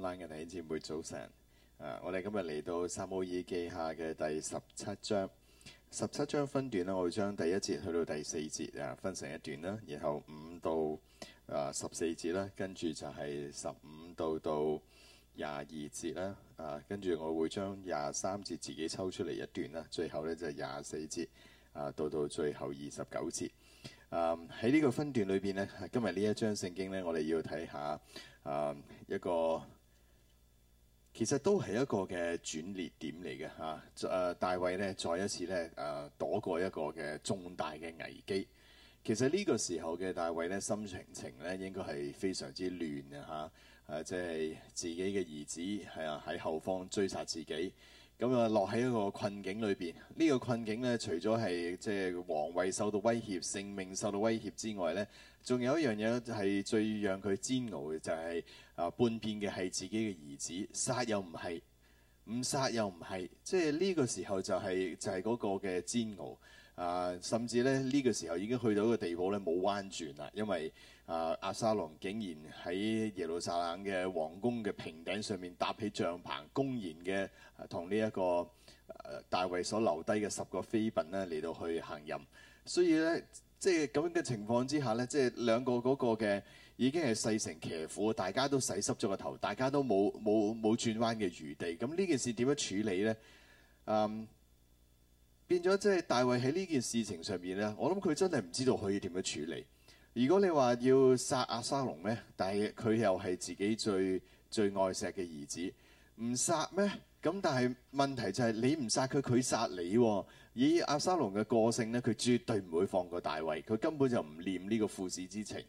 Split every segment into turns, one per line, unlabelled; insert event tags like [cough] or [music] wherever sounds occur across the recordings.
親愛的弟兄姊妹早晨，啊，我哋今日嚟到撒母耳記下嘅第十七章，十七章分段咧，我會將第一節去到，到第四節啊，分成一段啦，然後五到啊十四節啦，跟住就係十五到到廿二節啦，啊，跟住、啊啊、我會將廿三節自己抽出嚟一段啦，最後呢，就係廿四節啊，到到最後二十九節啊，喺呢個分段裏邊呢，今日呢一章聖經呢，我哋要睇下啊一個。其實都係一個嘅轉捩點嚟嘅嚇，誒、啊、大衛咧再一次咧誒、啊、躲過一個嘅重大嘅危機。其實呢個時候嘅大衛咧心情情咧應該係非常之亂嘅嚇，誒、啊、即係自己嘅兒子係啊喺後方追殺自己。咁啊、嗯、落喺一個困境裏邊，呢、這個困境呢，除咗係即係皇位受到威脅、性命受到威脅之外呢，仲有一樣嘢係最讓佢煎熬嘅，就係、是、啊叛變嘅係自己嘅兒子，殺又唔係，唔殺又唔係，即係呢個時候就係、是、就係、是、嗰個嘅煎熬啊！甚至呢，呢、這個時候已經去到一個地步呢，冇彎轉啦，因為。啊！押沙龍竟然喺耶路撒冷嘅王宮嘅平頂上面搭起帳篷，公然嘅同呢一個、啊、大衛所留低嘅十個妃嬪呢嚟到去行淫，所以咧即係咁樣嘅情況之下呢，即係兩個嗰個嘅已經係勢成騎虎，大家都洗濕咗個頭，大家都冇冇冇轉彎嘅餘地，咁呢件事點樣處理呢？嗯，變咗即係大衛喺呢件事情上面呢，我諗佢真係唔知道可以點樣處理。如果你話要殺押沙龍呢，但係佢又係自己最最愛錫嘅兒子，唔殺咩？咁但係問題就係你唔殺佢，佢殺你，哦。以押沙龍嘅個性呢，佢絕對唔會放過大衛，佢根本就唔念呢個父子之情。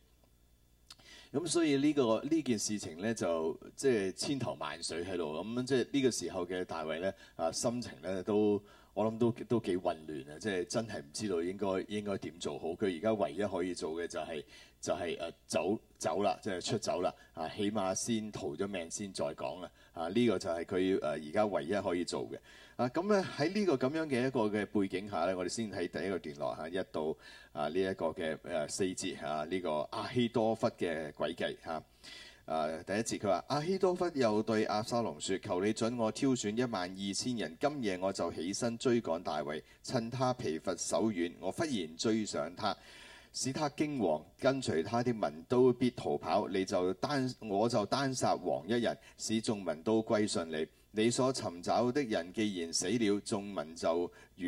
咁所以呢、呢個呢件、呢個、事情呢，就即係千頭萬緒喺度。咁即係呢個時候嘅大衛呢，啊心情呢都。我諗都都幾混亂啊！即係真係唔知道應該應該點做好，佢而家唯一可以做嘅就係、是、就係、是、誒走走啦，即係出走啦啊！起碼先逃咗命先再講啊！啊，呢、這個就係佢誒而家唯一可以做嘅啊！咁咧喺呢個咁樣嘅一個嘅背景下咧，我哋先喺第一個段落嚇一到啊呢一個嘅誒四節嚇呢、啊這個阿希多弗嘅詭計嚇。啊第一節，佢話：阿希多弗又對阿撒龍説：求你准我挑選一萬二千人，今夜我就起身追趕大衛，趁他疲乏手軟，我忽然追上他，使他驚惶，跟隨他的民都必逃跑。你就單，我就單殺王一人，使眾民都歸順你。你所尋找的人既然死了，眾民就如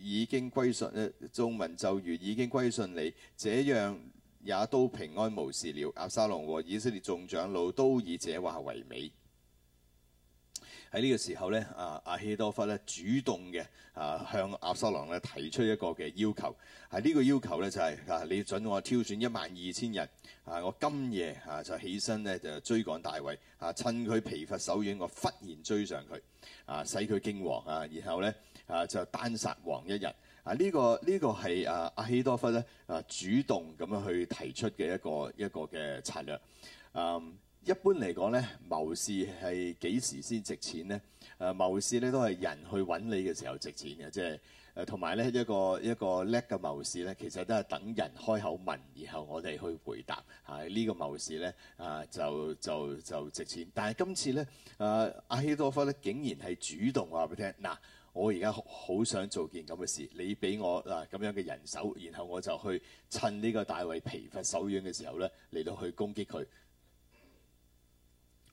已經歸順，眾民就如已經歸順你。這樣。也都平安無事了。押沙龍和以色列眾長老都以這話為美。喺呢個時候呢啊，亞希多弗咧主動嘅啊，向押沙龍咧提出一個嘅要求。喺、啊、呢、這個要求呢，就係、是、啊，你準我挑選一萬二千人啊，我今夜啊就起身呢，就追趕大衛啊，趁佢疲乏手軟，我忽然追上佢啊，使佢驚惶啊，然後呢，啊就單殺王一人。啊！呢、這個呢、這個係啊阿希多弗咧啊主動咁樣去提出嘅一個一個嘅策略。嗯，一般嚟講咧，謀士係幾時先值錢咧？誒、啊，謀士咧都係人去揾你嘅時候值錢嘅，即係誒同埋咧一個一個叻嘅謀士咧，其實都係等人開口問，然後我哋去回答。啊，這個、謀事呢個謀士咧啊就就就值錢。但係今次咧誒阿希多弗咧竟然係主動話俾你聽嗱。啊我而家好想做件咁嘅事，你俾我嗱咁樣嘅人手，然後我就去趁呢個大衛疲乏手軟嘅時候呢嚟到去攻擊佢，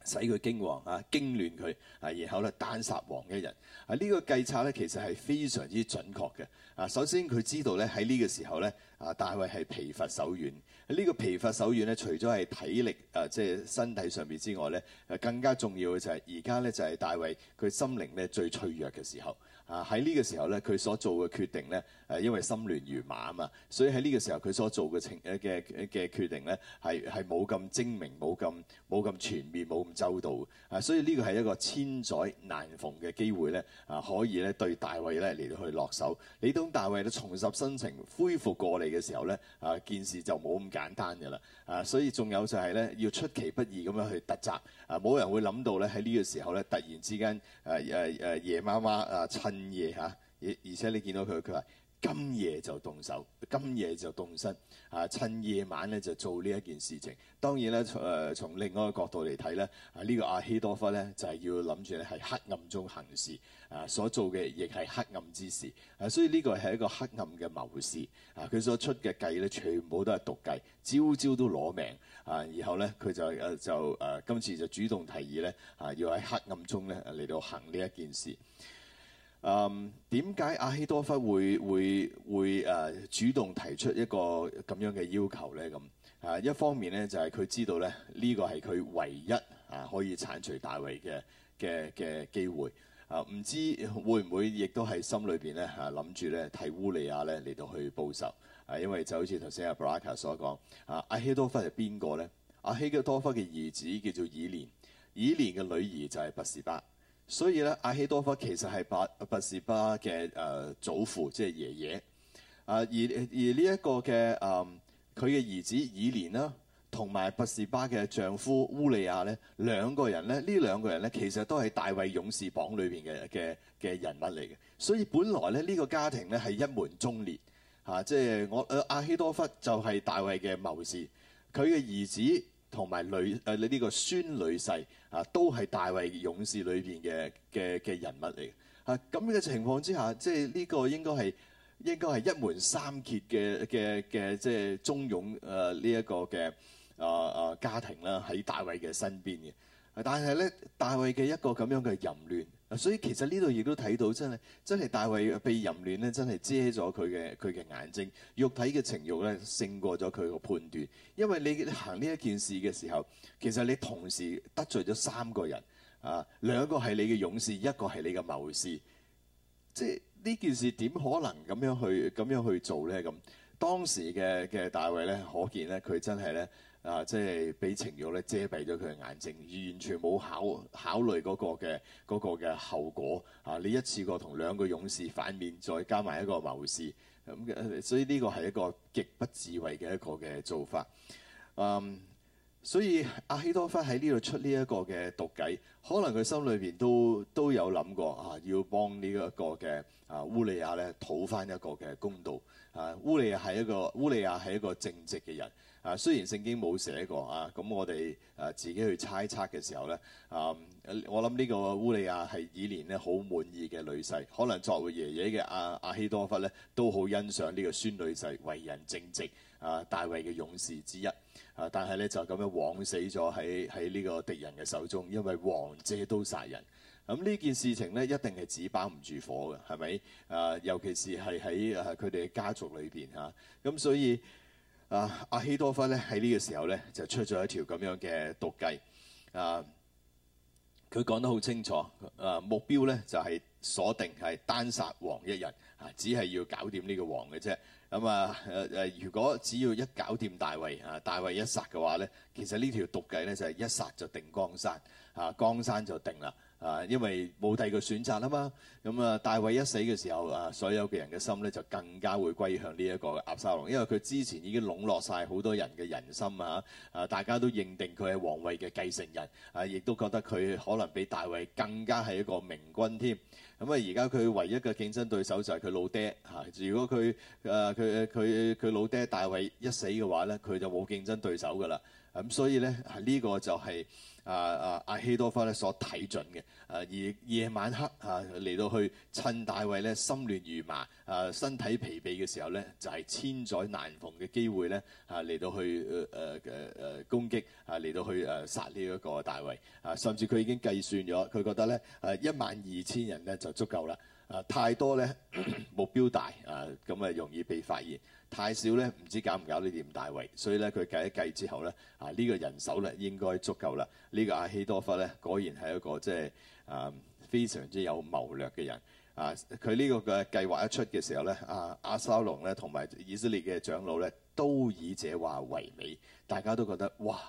使佢驚惶啊，驚亂佢啊，然後咧單殺王嘅人啊！呢、這個計策呢其實係非常之準確嘅啊。首先佢知道呢喺呢個時候呢，啊，大衛係疲乏手軟。呢、這個疲乏手軟呢，除咗係體力啊，即、就、係、是、身體上面之外呢，更加重要嘅就係而家呢，就係大衛佢心靈呢最脆弱嘅時候。啊！喺呢個時候咧，佢所做嘅決定咧，誒、啊，因為心亂如麻啊嘛，所以喺呢個時候佢所做嘅情誒嘅嘅決定咧，係係冇咁精明、冇咁冇咁全面、冇咁周到啊！所以呢個係一個千載難逢嘅機會咧，啊，可以咧對大衛咧嚟到去落手。你當大衛重拾心情、恢復過嚟嘅時候咧，啊，件事就冇咁簡單㗎喇啊！所以仲有就係咧，要出其不意咁樣去突襲啊！冇人會諗到咧，喺呢個時候咧，突然之間誒誒誒夜媽媽啊趁～夜嚇，而而且你見到佢，佢話今夜就動手，今夜就動身啊！趁夜晚咧就做呢一件事情。當然咧，誒、呃、從另外一個角度嚟睇咧，啊呢、這個阿希多夫咧就係、是、要諗住咧喺黑暗中行事啊，所做嘅亦係黑暗之事啊。所以呢個係一個黑暗嘅謀士，啊，佢所出嘅計咧全部都係毒計，招招都攞命啊。然後咧佢就誒就誒、啊、今次就主動提議咧啊，要喺黑暗中咧嚟到行呢一件事。嗯，點解、um, 阿希多弗會會會誒、啊、主動提出一個咁樣嘅要求咧？咁啊，一方面咧就係、是、佢知道咧呢、這個係佢唯一啊可以剷除大衛嘅嘅嘅機會啊，唔知會唔會亦都係心裏邊咧啊諗住咧替烏利亞咧嚟到去報仇啊？因為就好似頭先阿布拉卡所講啊，亞希多弗係邊個咧？阿希多弗嘅、啊、兒子叫做以連，以連嘅女兒就係拔士巴。所以咧，亞希多弗其實係伯伯士巴嘅誒、呃、祖父，即係爺爺。啊、呃，而而呢一個嘅嗯，佢、呃、嘅兒子以連啦，同埋伯士巴嘅丈夫烏利亞咧，兩個人咧，呢兩個人咧，其實都係大衛勇士榜裏邊嘅嘅嘅人物嚟嘅。所以本來咧，呢、這個家庭咧係一門忠烈嚇、啊，即係我誒亞、呃、希多弗就係大衛嘅謀士，佢嘅兒子。同埋女誒你呢個孫女婿啊，都係大衛勇士裏邊嘅嘅嘅人物嚟嘅嚇。咁嘅情況之下，即係呢個應該係應該係一門三傑嘅嘅嘅，即係忠勇誒呢一個嘅啊啊家庭啦，喺大衛嘅身邊嘅。但係咧，大衛嘅一個咁樣嘅淫亂。所以其實呢度亦都睇到真，真係真係大衛被淫亂咧，真係遮咗佢嘅佢嘅眼睛，肉體嘅情慾咧勝過咗佢個判斷。因為你行呢一件事嘅時候，其實你同時得罪咗三個人，啊，兩個係你嘅勇士，一個係你嘅謀士，即係呢件事點可能咁樣去咁樣去做呢？咁當時嘅嘅大衛呢，可見呢，佢真係呢。啊！即係俾情欲咧遮蔽咗佢嘅眼睛，完全冇考考慮嗰個嘅嗰個嘅後果。啊！你一次過同兩個勇士反面，再加埋一個謀士，咁、啊、所以呢個係一個極不智慧嘅一個嘅做法。嗯、啊，所以阿希多芬喺呢度出呢一個嘅毒計，可能佢心裏邊都都有諗過啊，要幫呢一個嘅啊烏利亞咧討翻一個嘅公道。啊，烏利亞係一個烏利亞係一個正直嘅人。啊，雖然聖經冇寫過啊，咁我哋誒、啊、自己去猜測嘅時候呢，啊，我諗呢個烏利亞係以年咧好滿意嘅女婿，可能作為爺爺嘅阿亞希多弗呢，都好欣賞呢個孫女婿，為人正直，啊，大衛嘅勇士之一，啊，但係呢，就咁樣枉死咗喺喺呢個敵人嘅手中，因為王借刀殺人，咁、啊、呢件事情呢，一定係紙包唔住火嘅，係咪？啊，尤其是係喺佢哋嘅家族裏邊嚇，咁所以。啊啊啊！亞希多弗咧喺呢個時候咧就出咗一條咁樣嘅毒計，啊，佢講得好清楚，啊，目標咧就係鎖定係單殺王一人，啊，只係要搞掂呢個王嘅啫。咁啊誒、啊啊，如果只要一搞掂大衛啊，大衛一殺嘅話咧，其實呢條毒計咧就係一殺就定江山，啊江山就定啦。啊，因為冇第二個選擇吖嘛。咁啊，啊，大衛一死嘅時候啊，所有嘅人嘅心咧就更加會歸向呢一個押沙龍，因為佢之前已經籠絡晒好多人嘅人心啊！啊，大家都認定佢係皇位嘅繼承人啊，亦都覺得佢可能比大衛更加係一個明君添。咁啊，而家佢唯一嘅競爭對手就係佢老爹吓、啊。如果佢誒佢佢佢老爹大衛一死嘅話咧，佢就冇競爭對手噶啦。咁、啊、所以咧，呢、啊呢個就係、是。啊啊啊希多弗咧所睇準嘅，誒、啊、而夜晚黑啊，嚟到去趁大衛咧心亂如麻啊，身體疲憊嘅時候咧，就係、是、千載難逢嘅機會咧，啊嚟到去誒誒誒攻擊啊，嚟到去誒、啊、殺呢一個大衛啊，甚至佢已經計算咗，佢覺得咧誒一萬二千人咧就足夠啦，啊太多咧，目標大啊，咁啊容易被發現。太少咧，唔知搞唔搞得掂大衛，所以咧佢計一計之後咧，啊呢個人手咧應該足夠啦。呢個亞希多弗咧，果然係一個即係啊非常之有謀略嘅人。啊，佢呢個嘅計劃一出嘅時候咧，啊押沙龍咧同埋以色列嘅長老咧，都以這話為美，大家都覺得哇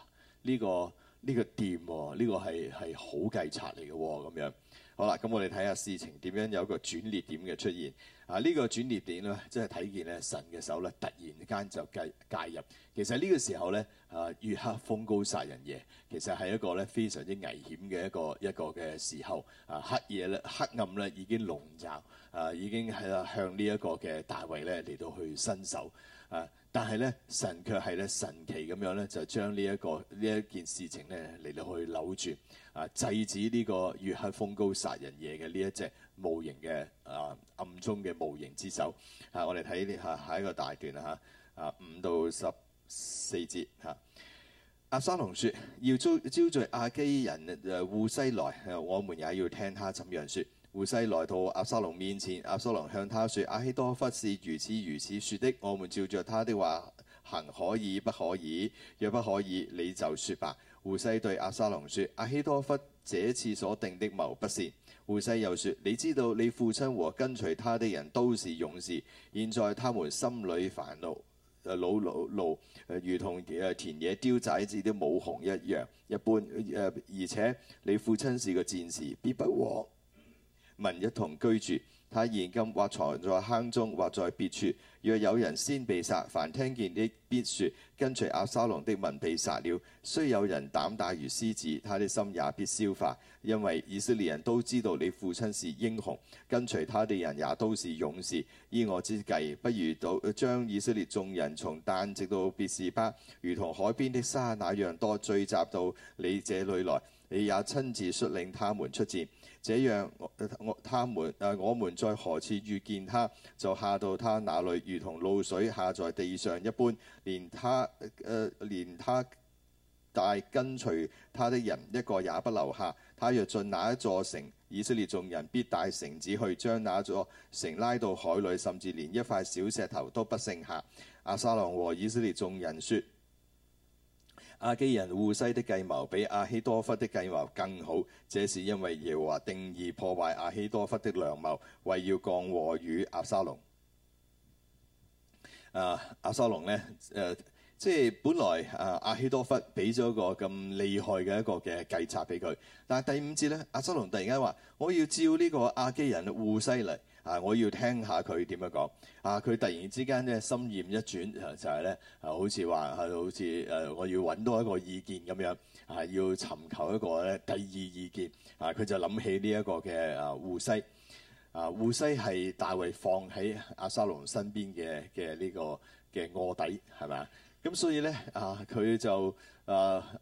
呢個呢個掂呢個係係好計策嚟嘅咁樣。好啦，咁我哋睇下事情點樣有個轉捩點嘅出現。啊！呢、呢個轉捩點咧，真係睇見咧神嘅手咧，突然間就介介入。其實呢個時候咧，啊，月黑風高殺人夜，其實係一個咧非常之危險嘅一個一個嘅時候。啊，黑夜咧黑暗咧，已經籠罩，啊已經係向呢一個嘅大衛咧嚟到去伸手。啊！但係咧，神卻係咧神奇咁樣咧，就將呢、這、一個呢一件事情咧嚟到去扭轉啊，制止呢個月黑風高殺人夜嘅呢一隻無形嘅啊暗中嘅無形之手啊！我哋睇下下一個大段啊啊五到十四節嚇。押沙龍說：要召召聚亞基人戶篩來，我們也要聽他怎樣説。胡西來到阿沙龍面前，阿沙龍向他說：阿希多弗是如此如此說的，我們照着他的話行，可以不可以？若不可以，你就説吧。胡西對阿沙龍說：阿希多弗這次所定的謀不善。胡西又說：你知道你父親和跟隨他的人都是勇士，現在他們心裏煩怒、老怒怒，如同田野雕仔似的武鴻一樣一般、呃。而且你父親是個戰士，必不和。民一同居住，他現今或藏在坑中，或在別處。若有人先被殺，凡聽見的必説：跟隨押沙龍的民被殺了。雖有人膽大如獅子，他的心也必消化，因為以色列人都知道你父親是英雄，跟隨他的人也都是勇士。依我之計，不如到將以色列眾人從丹直到別是巴，如同海邊的沙那樣多，聚集到你這裏來。你也親自率領他們出戰。這樣我他們啊、呃，我們在何處遇見他，就下到他那裏，如同露水下在地上一般。連他誒誒、呃，連他帶跟隨他的人一個也不留下。他若進哪一座城，以色列眾人必帶繩子去將那座城拉到海裏，甚至連一塊小石頭都不剩下。押沙龍和以色列眾人説。阿基人護西的計謀比阿希多弗的計謀更好，這是因為耶和華定意破壞阿希多弗的良謀，為要降禍與阿沙龍。啊，亞撒龍咧，誒、呃，即係本來啊，亞希多弗俾咗一個咁厲害嘅一個嘅計策俾佢，但係第五節呢，阿沙龍突然間話：我要照呢個阿基人護西嚟。啊！我要聽下佢點樣講。啊！佢突然之間咧心念一轉，啊、就係、是、咧啊，好似話啊，好似誒，我要揾多一個意見咁樣。啊，要尋求一個咧第二意見。啊，佢就諗起呢一個嘅啊，護西。啊，護西係大衛放喺阿沙龍身邊嘅嘅呢個嘅臥底係咪？咁所以咧啊，佢就啊，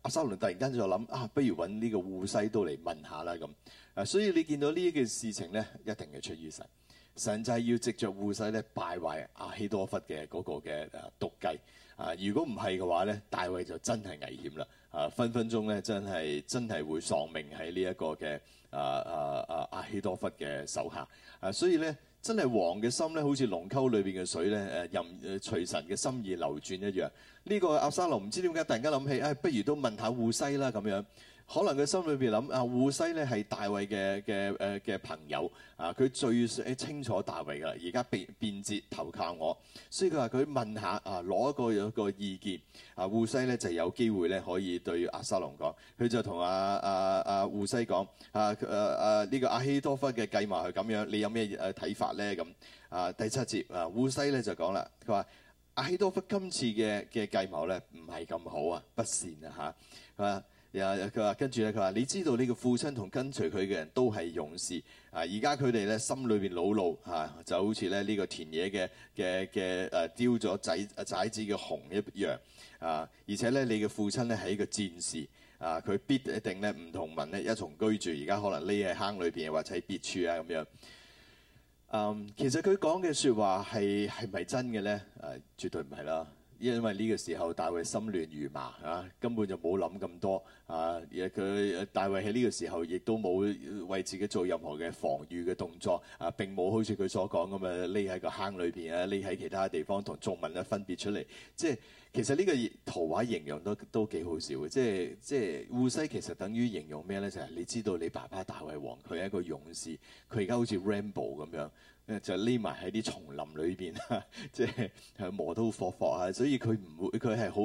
阿沙龍突然間就諗啊，不如揾呢個護西都嚟問下啦咁。啊，所以你見到呢一件事情咧，一定係出於神。神就係要藉着戶篩咧敗壞亞希多弗嘅嗰個嘅誒毒計啊！如果唔係嘅話咧，大衛就真係危險啦！啊，分分鐘咧真係真係會喪命喺呢一個嘅啊啊啊亞希多弗嘅手下啊！所以咧真係王嘅心咧好似隴溝裏邊嘅水咧誒任隨神嘅心意流轉一樣。呢個押沙龍唔知點解突然間諗起，哎，不如都問下戶篩啦咁樣。可能佢心裏邊諗啊，戶篩咧係大衛嘅嘅誒嘅朋友啊，佢最清楚大衛噶啦，而家變變節投靠我，所以佢話佢問下啊，攞一個一個意見啊。戶篩咧就有機會咧可以對押沙龍講，佢就同阿阿阿戶篩講啊誒誒呢個亞希多弗嘅計謀係咁樣，你有咩誒睇法咧？咁啊第七節啊，戶篩咧就講啦，佢話亞希多弗今次嘅嘅計謀咧唔係咁好啊，不善啊嚇啊。佢話跟住咧，佢話你知道呢個父親同跟隨佢嘅人都係勇士啊！而家佢哋咧心裏邊惱怒啊，就好似咧呢、這個田野嘅嘅嘅誒丟咗仔仔子嘅熊一樣啊！而且咧，你嘅父親咧係一個戰士啊！佢必一定咧唔同民咧一同居住，而家可能匿喺坑裏邊或者喺別處啊咁樣啊。其實佢講嘅說話係係咪真嘅咧？誒、啊，絕對唔係啦。因為呢個時候，大衛心亂如麻啊，根本就冇諗咁多啊！佢大衛喺呢個時候，亦都冇為自己做任何嘅防禦嘅動作啊，並冇好似佢所講咁啊，匿喺個坑裏邊啊，匿喺其他地方同眾民咧分別出嚟。即係其實呢個圖畫形容都都幾好笑嘅。即係即係戶篩其實等於形容咩呢？就係、是、你知道你爸爸大衛王，佢係一個勇士，佢而家好似 ramble 咁樣。就匿埋喺啲叢林裏邊啊！即 [laughs] 係磨刀霍霍啊！所以佢唔會佢係好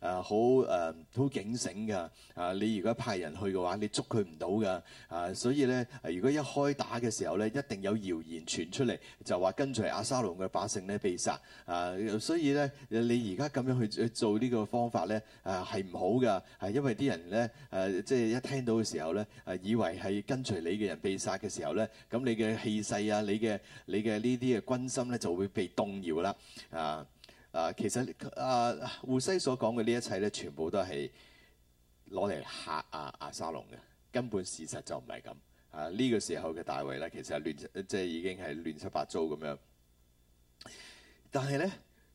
誒好誒好警醒㗎啊！你如果派人去嘅話，你捉佢唔到㗎啊！所以咧、啊，如果一開打嘅時候咧，一定有謠言傳出嚟，就話跟隨阿沙龍嘅百姓咧被殺啊！所以咧，你而家咁樣去做呢個方法咧，啊係唔好㗎，係、啊、因為啲人咧誒、啊、即係一聽到嘅時候咧，誒、啊、以為係跟隨你嘅人被殺嘅時候咧，咁你嘅氣勢啊，你嘅～你嘅呢啲嘅軍心咧就會被動搖啦啊啊！其實啊，胡西所講嘅呢一切咧，全部都係攞嚟嚇啊啊，啊沙龍嘅，根本事實就唔係咁啊！呢個時候嘅大衛咧，其實係亂即係已經係亂七八糟咁樣。但係咧，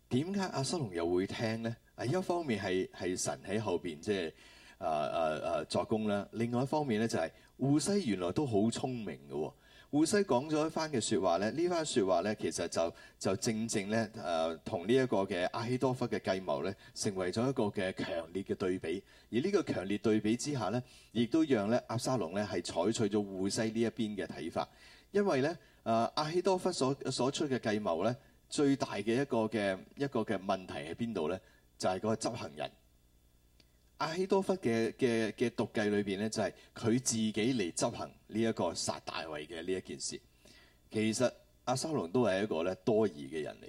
點解阿沙龍又會聽咧？啊，一方面係係神喺後邊即係啊啊啊作工啦；另外一方面咧就係胡西原來都好聰明嘅喎。戶篩講咗一番嘅説話咧，呢番説話咧，其實就就正正咧，誒、呃、同呢一個嘅亞希多弗嘅計謀咧，成為咗一個嘅強烈嘅對比。而呢個強烈對比之下咧，亦都讓咧押沙龍咧係採取咗戶篩呢一邊嘅睇法，因為咧，誒、呃、亞希多弗所所出嘅計謀咧，最大嘅一個嘅一個嘅問題喺邊度咧？就係、是、個執行人。阿希多弗嘅嘅嘅毒計裏邊咧，就係佢自己嚟執行呢一個殺大衛嘅呢一件事。其實阿沙龍都係一個咧多疑嘅人嚟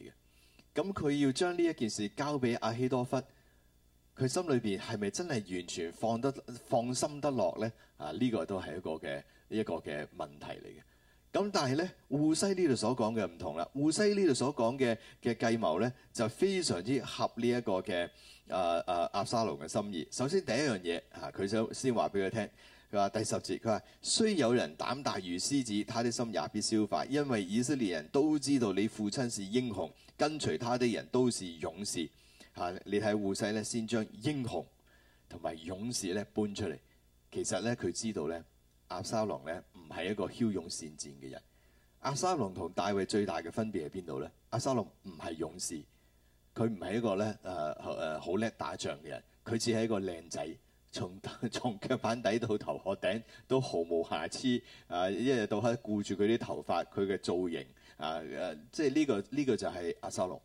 嘅，咁佢要將呢一件事交俾阿希多弗，佢心裏邊係咪真係完全放得放心得落咧？啊，呢個都係一個嘅一個嘅問題嚟嘅。咁但係咧，戶篩呢度所講嘅唔同啦。戶篩呢度所講嘅嘅計謀咧，就非常之合呢一個嘅誒誒押沙龍嘅心意。首先第一樣嘢嚇，佢、啊、想先話俾佢聽，佢話第十節，佢話雖有人膽大如獅子，他的心也必消化，因為以色列人都知道你父親是英雄，跟隨他的人都是勇士嚇、啊。你睇戶篩咧，先將英雄同埋勇士咧搬出嚟，其實咧佢知道咧押沙龍咧。唔係一個驍勇善戰嘅人。阿沙龍同大衛最大嘅分別喺邊度咧？阿沙龍唔係勇士，佢唔係一個咧誒誒好叻打仗嘅人，佢只係一個靚仔，從從腳板底到頭殼頂都毫無瑕疵啊、呃！一日到黑顧住佢啲頭髮，佢嘅造型啊誒、呃，即係、呢個、呢個呢、呢個就係阿沙龍。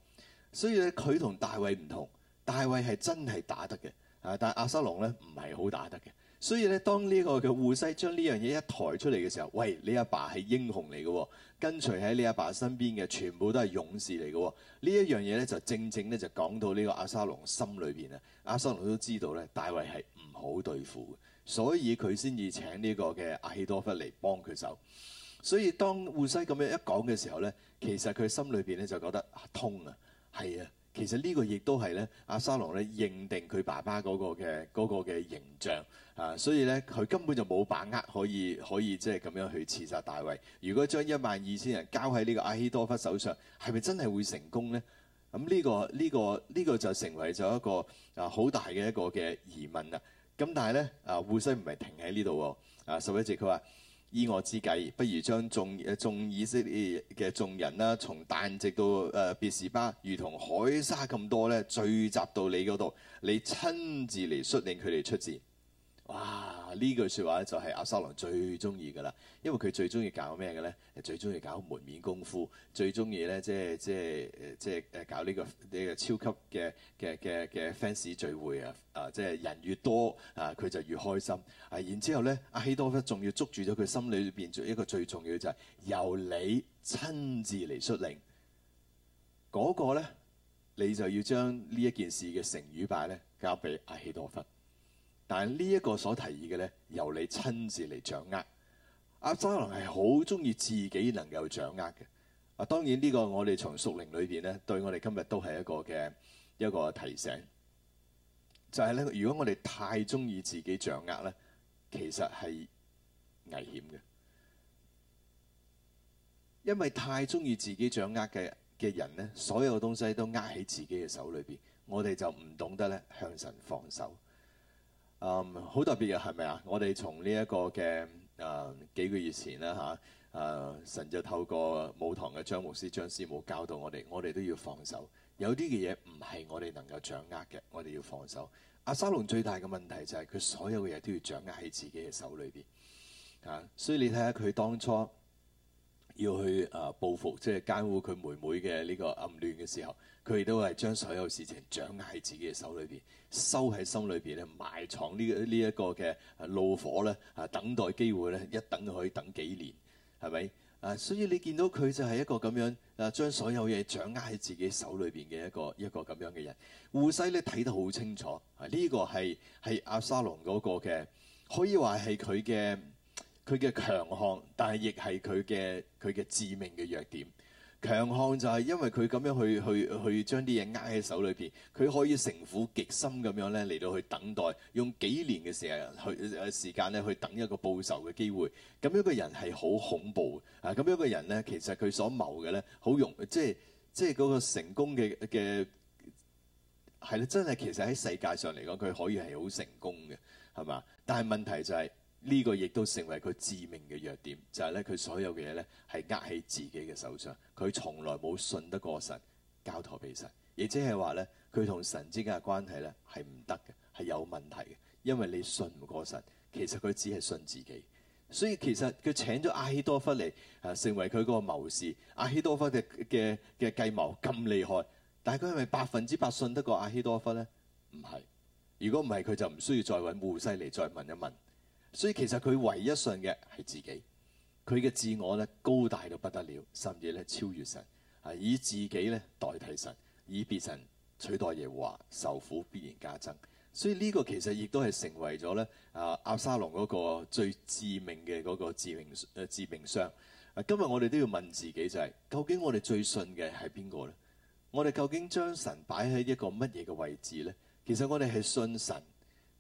所以咧，佢同大衛唔同。大衛係真係打得嘅、呃，但係阿沙龍咧唔係好打得嘅。所以咧，當呢個嘅護西將呢樣嘢一抬出嚟嘅時候，喂，你阿爸係英雄嚟嘅喎，跟隨喺你阿爸身邊嘅全部都係勇士嚟嘅喎。呢一樣嘢咧就正正咧就講到呢個阿沙龍心裏邊啊。阿沙龍都知道咧，大衛係唔好對付，所以佢先至請呢個嘅阿希多弗嚟幫佢手。所以當護西咁樣一講嘅時候咧，其實佢心裏邊咧就覺得啊通啊，係啊。其實呢個亦都係咧阿沙龍咧認定佢爸爸嗰個嘅嗰個嘅形象。啊，所以咧，佢根本就冇把握可以可以即係咁樣去刺殺大衛。如果將一萬二千人交喺呢個亞希多弗手上，係咪真係會成功呢？咁、啊、呢、呢個呢、呢個呢、呢個就成為咗一個啊好大嘅一個嘅疑問啦。咁但係咧啊，戶、啊、篩唔係停喺呢度喎。啊，十一節佢話：依我之計，不如將眾眾以色列嘅眾人啦，從但直到誒別是巴，如同海沙咁多咧，聚集到你嗰度，你親自嚟率領佢哋出戰。哇！呢句説話咧就係押沙龍最中意噶啦，因為佢最中意搞咩嘅咧？最中意搞門面功夫，最中意咧即係即係即係誒搞呢、這個呢、這個超級嘅嘅嘅嘅 fans 聚會啊！啊，即係人越多啊，佢就越開心。啊，然之後咧，亞希多弗仲要捉住咗佢心裏邊最一個最重要就係由你親自嚟率領嗰、那個咧，你就要將呢一件事嘅成與敗咧交俾亞希多弗。但呢一個所提議嘅呢，由你親自嚟掌握。押沙龍係好中意自己能夠掌握嘅。啊，當然呢個我哋從屬靈裏邊呢，對我哋今日都係一個嘅一個提醒。就係呢：如果我哋太中意自己掌握呢，其實係危險嘅。因為太中意自己掌握嘅嘅人呢，所有東西都握喺自己嘅手裏邊，我哋就唔懂得咧向神放手。嗯，好、um，特別嘅係咪啊？我哋從呢一個嘅誒幾個月前啦嚇，誒、啊啊、神就透過母堂嘅張牧師、張師母教導我哋，我哋都要放手。有啲嘅嘢唔係我哋能夠掌握嘅，我哋要放手。押、啊、沙龍最大嘅問題就係佢所有嘅嘢都要掌握喺自己嘅手裏邊嚇，所以你睇下佢當初要去誒、啊、報復，即係姦污佢妹妹嘅呢個暗嫩嘅時候。佢都係將所有事情掌握喺自己嘅手裏邊，收喺心裏邊咧，埋藏呢呢一個嘅怒火咧，啊，等待機會咧，一等可以等幾年，係咪？啊，所以你見到佢就係一個咁樣啊，將所有嘢掌握喺自己手裏邊嘅一個一個咁樣嘅人。戶篩咧，睇得好清楚，啊呢個係係押沙龍嗰個嘅，可以話係佢嘅佢嘅強項，但係亦係佢嘅佢嘅致命嘅弱點。強悍就係因為佢咁樣去去去將啲嘢握喺手裏邊，佢可以城府極深咁樣咧嚟到去等待，用幾年嘅時間去時間咧去等一個報仇嘅機會。咁樣一個人係好恐怖嘅，啊咁樣一個人咧，其實佢所謀嘅咧好容，即係即係嗰個成功嘅嘅係啦，真係其實喺世界上嚟講，佢可以係好成功嘅，係嘛？但係問題就係、是。呢個亦都成為佢致命嘅弱點，就係咧佢所有嘅嘢咧係握喺自己嘅手上，佢從來冇信得過神，交託俾神，亦即係話咧佢同神之間嘅關係咧係唔得嘅，係有問題嘅，因為你信唔過神，其實佢只係信自己，所以其實佢請咗亞希多弗嚟誒成為佢嗰個謀士，亞希多弗嘅嘅嘅計謀咁厲害，但係佢係咪百分之百信得過亞希多弗咧？唔係，如果唔係佢就唔需要再揾戶篩嚟再問一問。所以其實佢唯一信嘅係自己，佢嘅自我咧高大到不得了，甚至咧超越神，係以自己咧代替神，以別神取代耶和華，受苦必然加增。所以呢個其實亦都係成為咗咧啊押沙龍嗰個最致命嘅嗰個致命誒、呃、致命傷。啊、今日我哋都要問自己就係、是：究竟我哋最信嘅係邊個咧？我哋究竟將神擺喺一個乜嘢嘅位置咧？其實我哋係信神，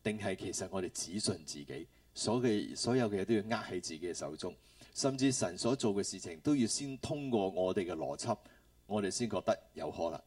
定係其實我哋只信自己？所嘅所有嘅嘢都要握喺自己嘅手中，甚至神所做嘅事情都要先通過我哋嘅邏輯，我哋先覺得有可能。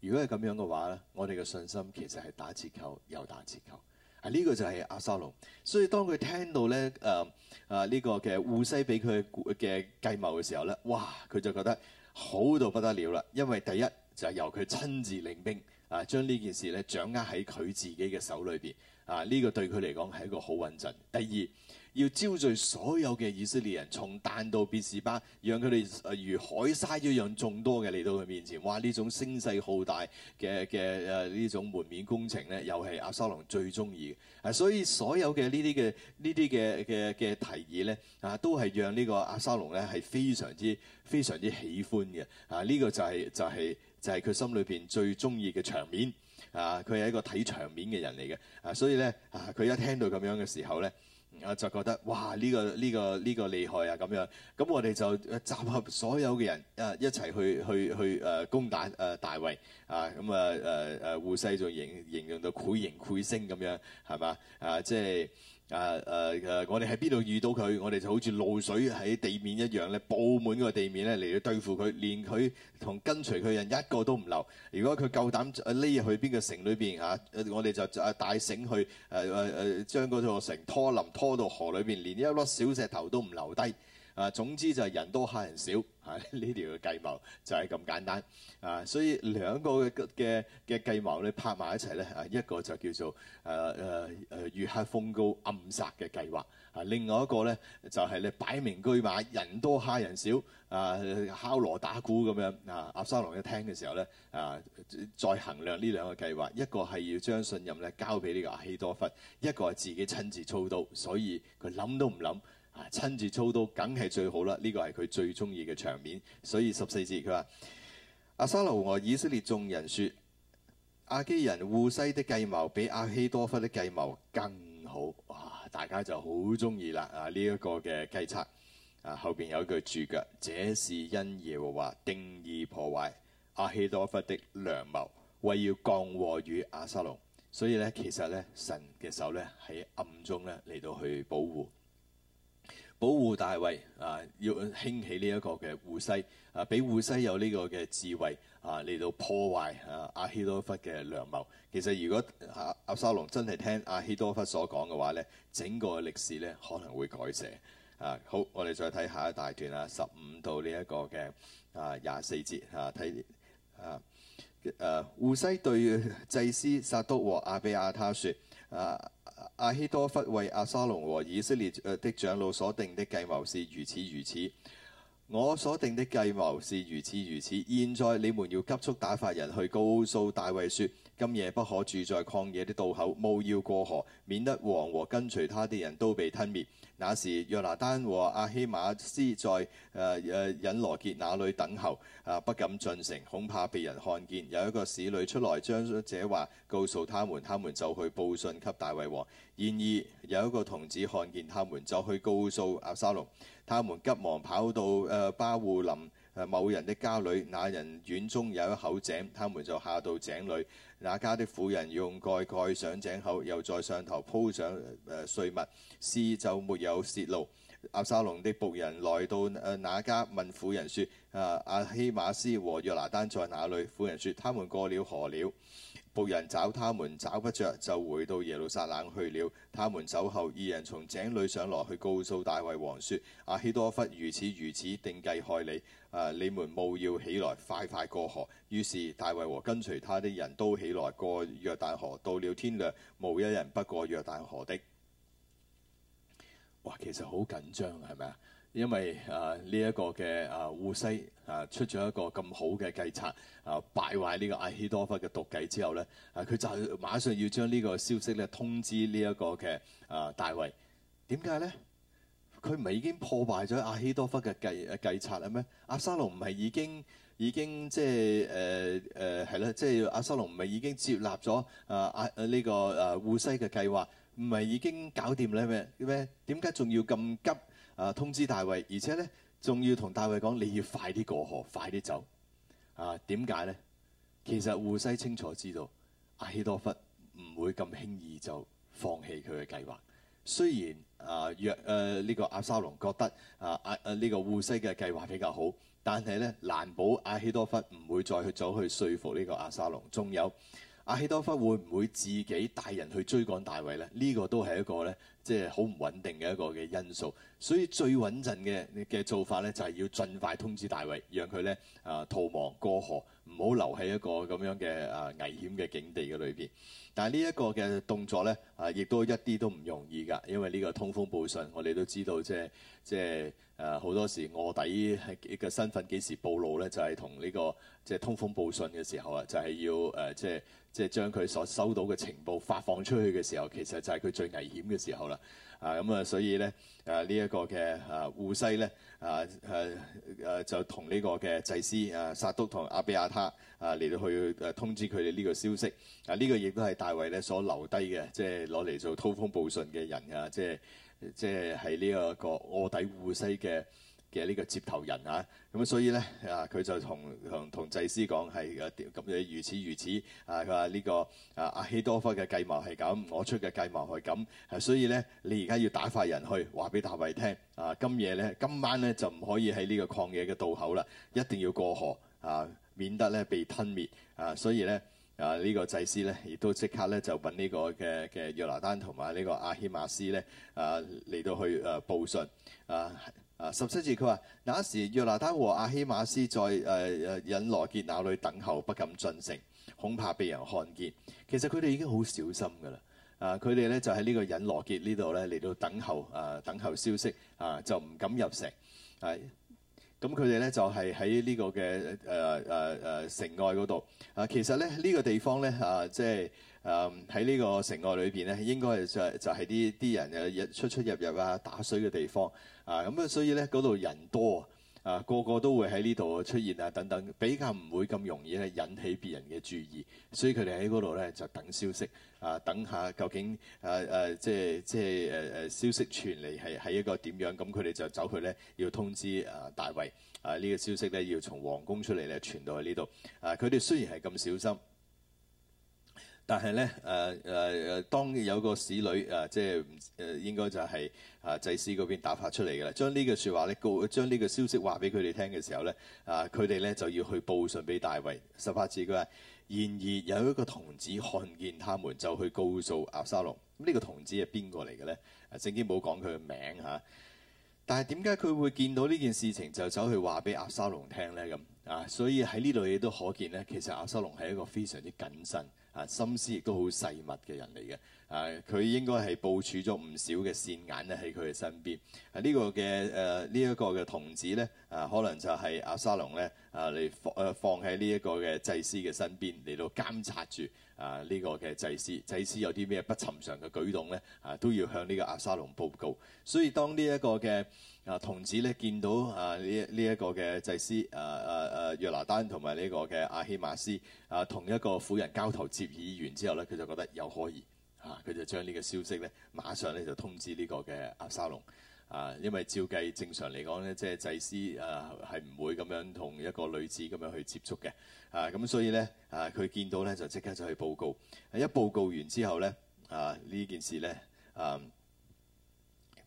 如果係咁樣嘅話，咧，我哋嘅信心其實係打折扣又打折扣。啊，呢、這個就係押沙龍。所以當佢聽到咧誒啊呢、啊這個嘅戶篩俾佢嘅計謀嘅時候呢，哇！佢就覺得好到不得了啦，因為第一就係、是、由佢親自領兵啊，將呢件事咧掌握喺佢自己嘅手裏邊。啊！呢、這個對佢嚟講係一個好穩陣。第二，要招聚所有嘅以色列人，從但到別是巴，讓佢哋誒如海沙一樣眾多嘅嚟到佢面前。哇！呢種聲勢浩大嘅嘅誒呢種門面工程咧，又係押沙龍最中意嘅。啊，所以所有嘅呢啲嘅呢啲嘅嘅嘅提議咧，啊，都係讓呢個押沙龍咧係非常之非常之喜歡嘅。啊，呢、這個就係、是、就係、是。就是就係佢心裏邊最中意嘅場面啊！佢係一個睇場面嘅人嚟嘅啊，所以咧啊，佢一聽到咁樣嘅時候咧，我就覺得哇！呢個呢個呢個厲害啊！咁樣咁我哋就集合所有嘅人啊，一齊去去去誒攻打誒大衛啊！咁啊誒誒戶篩就形容到繪形繪聲咁樣係嘛？啊！即係。啊誒誒、啊，我哋喺邊度遇到佢，我哋就好似露水喺地面一樣咧，布滿個地面咧嚟到對付佢，連佢同跟，跟隨佢人一個都唔留。如果佢夠膽匿去邊個城裏邊嚇，我哋就帶繩去誒誒誒，將嗰座城拖冧，拖到河裏邊，連一粒小石頭都唔留低。啊，總之就係人多蝦人少，嚇、啊、呢條計謀就係咁簡單。啊，所以兩個嘅嘅嘅計謀咧拍埋一齊咧，啊一個就叫做誒誒誒月黑風高暗殺嘅計劃，啊另外一個咧就係、是、你擺明車馬人多蝦人少，啊敲鑼打鼓咁樣啊押沙龍一聽嘅時候咧啊再衡量呢兩個計劃，一個係要將信任咧交俾呢個阿希多弗，一個係自己親自操刀，所以佢諗都唔諗。啊，親自操刀梗係最好啦！呢、這個係佢最中意嘅場面，所以十四節佢話：阿、啊、沙龍和以色列眾人說，亞基人戶篩的計謀比亞希多弗的計謀更好。哇！大家就好中意啦啊！呢、這、一個嘅計策啊，後邊有一句注腳：這是因耶和華定意破壞亞希多弗的良謀，為要降禍於押沙龍。所以呢，其實呢，神嘅手呢喺暗中呢嚟到去保護。保護大衛啊，要興起呢一個嘅戶篩啊，俾戶篩有呢個嘅智慧啊，嚟到破壞啊亞希多弗嘅良謀。其實如果、啊、押押沙龍真係聽亞希多弗所講嘅話咧，整個歷史咧可能會改寫啊！好，我哋再睇下一大段啊，十五到呢一個嘅啊廿四節啊睇啊，誒戶篩對祭司撒督和亞比亞他說。啊！亞希多弗為押沙龍和以色列的長老所定的計謀是如此如此，我所定的計謀是如此如此。現在你們要急速打發人去告訴大衛說。今夜不可住在曠野的渡口，務要過河，免得王和跟隨他啲人都被吞滅。那時，約拿丹和阿希瑪斯在誒誒隱羅結那裏等候，啊，不敢進城，恐怕被人看見。有一個使女出來將這話告訴他們，他們就去報信給大衛王。然而有一個童子看見他們，就去告訴阿沙龍。他們急忙跑到誒、呃、巴戶林誒、呃、某人的家裏，那人院中有一口井，他們就下到井裏。那家的婦人用蓋蓋上井口，又在上頭鋪上誒碎、呃、物，事就沒有泄露。押沙龍的僕人來到誒那家問婦人說：，啊阿希瑪斯和約拿單在哪裏？婦人說：，他們過了河了。僕人找他們找不着，就回到耶路撒冷去了。他們走後，二人從井裏上來，去告訴大衛王說：，阿、啊、希多弗如此如此定計害你。啊！你們務要起來，快快過河。於是大衛和跟隨他的人都起來過約旦河。到了天亮，無一人不過約旦河的。哇！其實好緊張，係咪啊？因為啊呢、這個啊啊、一個嘅啊戶西啊出咗一個咁好嘅計策啊，敗壞呢個亞希多弗嘅毒計之後咧，啊佢就馬上要將呢個消息咧，通知呢一個嘅啊大衛。點解咧？佢唔係已經破壞咗亞希多弗嘅計計策啦咩？押沙龍唔係已經已經即係誒誒係啦，即係押沙龍唔係已經接納咗啊啊呢個啊護、呃、西嘅計劃，唔係已經搞掂咧咩咩？點解仲要咁急啊通知大衛，而且咧仲要同大衛講你要快啲過河，快啲走啊？點解咧？其實護西清楚知道亞希多弗唔會咁輕易就放棄佢嘅計劃。雖然啊，若誒呢個押沙龍覺得啊阿誒呢個戶篩嘅計劃比較好，但係咧難保亞希多弗唔會再去走去說服呢個押沙龍。仲有亞希多弗會唔會自己帶人去追趕大衛咧？呢個都係一個咧，即係好唔穩定嘅一個嘅因素。所以最穩陣嘅嘅做法咧，就係要盡快通知大衛，讓佢咧啊逃亡過河。唔好留喺一個咁樣嘅啊危險嘅境地嘅裏邊，但係呢一個嘅動作呢，啊，亦都一啲都唔容易㗎，因為呢個通風報信，我哋都知道即係即係誒好多時臥底嘅身份幾時暴露呢，就係同呢個即係通風報信嘅時候啊，就係要誒即係即係將佢所收到嘅情報發放出去嘅時候，其實就係佢最危險嘅時候啦。啊，咁啊，所以咧，誒呢一個嘅誒護西咧，啊誒誒、這個啊啊啊啊、就同呢個嘅祭司啊，撒督同阿比亞他啊嚟到去誒、啊、通知佢哋呢個消息。啊，這個、呢個亦都係大衛咧所留低嘅，即係攞嚟做通風報信嘅人啊。即係即係係呢一個卧底護西嘅。嘅呢個接頭人啊，咁所以咧啊，佢就同同同祭司講係啊，咁嘅如此如此啊，佢話呢個啊亞希多弗嘅計謀係咁，我出嘅計謀係咁，啊，所以咧你而家要打發人去話俾大衛聽啊，今夜咧今晚咧就唔可以喺呢個曠野嘅渡口啦，一定要過河啊，免得咧被吞滅啊，所以咧啊呢，這個祭司咧亦都即刻咧就揾呢個嘅嘅約拿單同埋呢個亞希瑪斯咧啊嚟到去啊報信啊。啊啊啊啊啊啊啊啊，十七字，佢話：那時約拿單和亞希瑪斯在誒誒隱羅結那裡等候，不敢進城，恐怕被人看見。其實佢哋已經好小心㗎啦。啊，佢哋咧就喺呢個隱羅結呢度咧嚟到等候，啊，等候消息，啊，就唔敢入城。係。咁佢哋咧就係喺呢個嘅誒誒誒城外嗰度啊，其實咧呢個地方咧啊、呃，即係誒喺呢個城外裏邊咧，應該就係、就係啲啲人又出出入入啊、打水嘅地方啊，咁啊，所以咧嗰度人多。啊，個個都會喺呢度出現啊，等等比較唔會咁容易咧引起別人嘅注意，所以佢哋喺嗰度咧就等消息啊，等下究竟啊啊即係即係誒誒消息傳嚟係喺一個點樣？咁佢哋就走去咧要通知啊大衛啊呢、呢個消息咧要從皇宮出嚟咧傳到去呢度啊！佢哋雖然係咁小心。但係咧，誒誒誒，當有個使女誒、呃，即係誒、呃，應該就係、是、啊、呃、祭司嗰邊打發出嚟嘅啦。將呢個説話咧告，將呢個消息話俾佢哋聽嘅時候咧，啊佢哋咧就要去報信俾大衛。十八節佢話：然而有一個童子看見他們，就去告訴押沙龍。咁呢個童子係邊個嚟嘅咧？啊，聖經冇講佢嘅名嚇。但係點解佢會見到呢件事情就走去話俾押沙龍聽咧？咁啊，所以喺呢度亦都可見咧，其實押沙龍係一個非常之謹慎。啊，心思亦都好細密嘅人嚟嘅。啊，佢應該係部署咗唔少嘅線眼喺佢嘅身邊。啊，呢個嘅誒，啊，呢一個嘅童子咧，啊，可能就係押沙龍咧，啊，嚟放誒、啊、放喺呢一個嘅祭司嘅身邊嚟到監察住。啊！呢、這個嘅祭司，祭司有啲咩不尋常嘅舉動咧？啊，都要向呢個押沙龍報告。所以當呢一個嘅啊童子咧見到啊呢呢一個嘅祭司啊啊啊約拿單同埋呢個嘅亞希瑪斯啊同一個婦人交頭接耳完之後咧，佢就覺得有可疑嚇，佢、啊、就將呢個消息咧馬上咧就通知呢個嘅押沙龍。啊，因為照計正常嚟講咧，即係祭司啊，係唔會咁樣同一個女子咁樣去接觸嘅。啊，咁所以咧，啊，佢見到咧就即刻就去報告。一報告完之後咧，啊，呢件事咧，啊，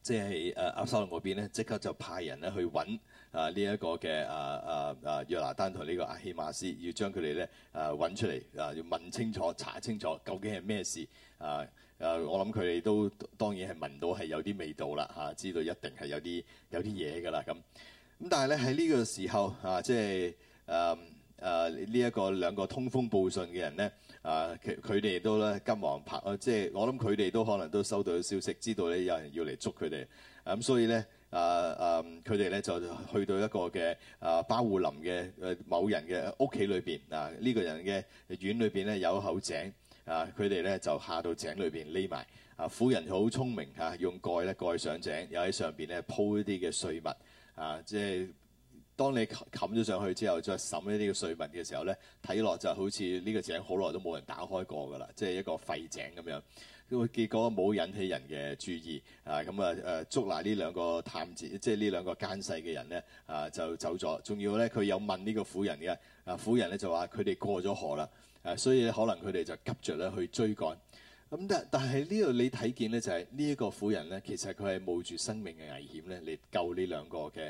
即係誒押沙龍嗰邊咧，即刻就派人咧去揾。啊！呢、這、一個嘅啊啊啊約拿單同呢個亞希馬斯，要將佢哋咧啊揾出嚟啊，要問清楚、查清楚，究竟係咩事啊？誒、啊，我諗佢哋都當然係聞到係有啲味道啦嚇、啊，知道一定係有啲有啲嘢㗎啦咁。咁、啊、但係咧喺呢個時候啊，即係誒誒呢一個兩個通風報信嘅人咧啊，佢佢哋都咧急忙跑、啊，即係我諗佢哋都可能都收到消息，知道咧有人要嚟捉佢哋。咁、啊、所以咧。啊啊！佢哋咧就去到一個嘅啊巴戶琳嘅某人嘅屋企裏邊啊，呢、這個人嘅院裏邊咧有一口井啊，佢哋咧就下到井裏邊匿埋啊。婦人好聰明嚇、啊，用蓋咧蓋上井，又喺上邊咧鋪一啲嘅碎物啊。即係當你冚咗上去之後，再撒一啲嘅碎物嘅時候咧，睇落就好似呢個井好耐都冇人打開過㗎啦，即係一個廢井咁樣。結果冇引起人嘅注意啊！咁啊誒捉拿呢兩個探子，即係呢兩個奸細嘅人呢，啊，就走咗。仲要呢，佢有問呢個婦人嘅啊，婦人呢就話佢哋過咗河啦啊，所以可能佢哋就急着咧去追趕。咁、啊、但但係呢度你睇見呢，就係呢一個婦人呢，其實佢係冒住生命嘅危險呢，嚟救呢兩個嘅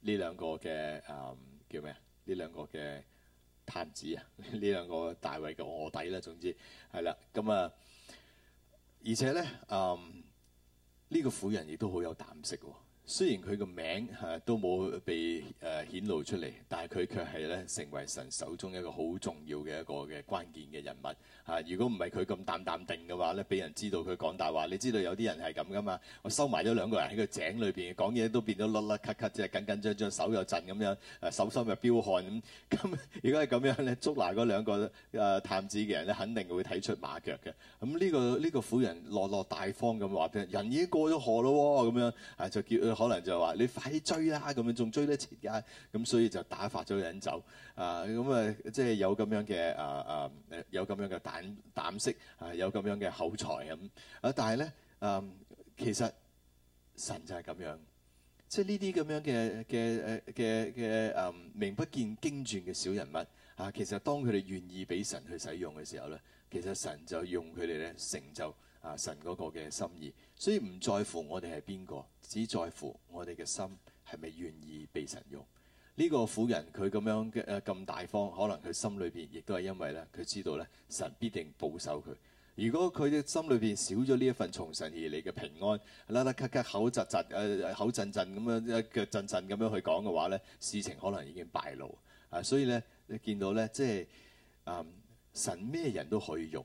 呢兩個嘅啊叫咩啊？呢兩個嘅探子啊，呢 [laughs] 兩個大衞嘅臥底啦。總之係啦，咁啊。啊啊而且咧，嗯，呢個婦人亦都好有膽識喎。雖然佢個名嚇都冇被誒顯露出嚟，但係佢卻係咧，成為神手中一個好重要嘅一個嘅關鍵嘅人物嚇。如果唔係佢咁淡淡定嘅話咧，俾人知道佢講大話，你知道有啲人係咁噶嘛？我收埋咗兩個人喺個井裏邊講嘢，都變咗甩甩咳咳，即係緊緊張張，手又震咁樣，手心又飆汗咁。咁如果係咁樣咧，捉拿嗰兩個探子嘅人咧，肯定會睇出馬腳嘅。咁呢個呢個婦人落落大方咁話俾，人已經過咗河咯喎，咁樣啊就叫。可能就話你快啲追啦，咁樣仲追得切㗎，咁所以就打發咗人走啊，咁、呃、啊即係有咁樣嘅啊啊有咁樣嘅膽膽識啊，有咁樣嘅、呃、口才咁啊、呃，但係咧誒，其實神就係咁樣，即係呢啲咁樣嘅嘅誒嘅嘅誒名不見經傳嘅小人物啊、呃，其實當佢哋願意俾神去使用嘅時候咧，其實神就用佢哋咧成就。啊！神嗰個嘅心意，所以唔在乎我哋係邊個，只在乎我哋嘅心係咪願意被神用。呢個婦人佢咁樣誒咁大方，可能佢心裏邊亦都係因為咧，佢知道咧神必定保守佢。如果佢嘅心裏邊少咗呢一份從神而嚟嘅平安，啦啦咳咳口窒窒誒口震震咁樣腳震震咁樣去講嘅話咧，事情可能已經敗露啊！所以咧你見到咧即係啊神咩人都可以用。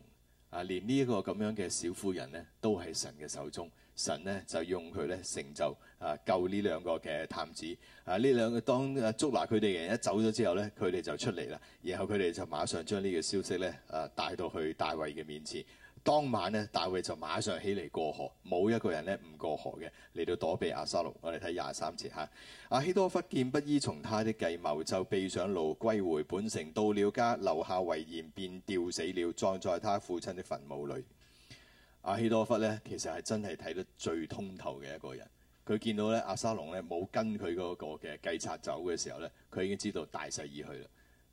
啊！連呢一個咁樣嘅小婦人呢，都喺神嘅手中。神呢，就用佢呢成就啊救呢兩個嘅探子啊！呢兩個當捉拿佢哋嘅人一走咗之後呢，佢哋就出嚟啦。然後佢哋就馬上將呢個消息呢啊帶到去大衛嘅面前。當晚呢，大衞就馬上起嚟過河，冇一個人呢唔過河嘅，嚟到躲避押沙龍。我哋睇廿三節嚇，亞希多弗見不依從他的計謀，就備上驢，歸回本城。到了家，留下遺言，便吊死了，葬在他父親的墳墓裏。亞希多弗呢，其實係真係睇得最通透嘅一個人。佢見到呢，押沙龍呢冇跟佢嗰、那個嘅計策走嘅時候呢，佢已經知道大勢已去啦。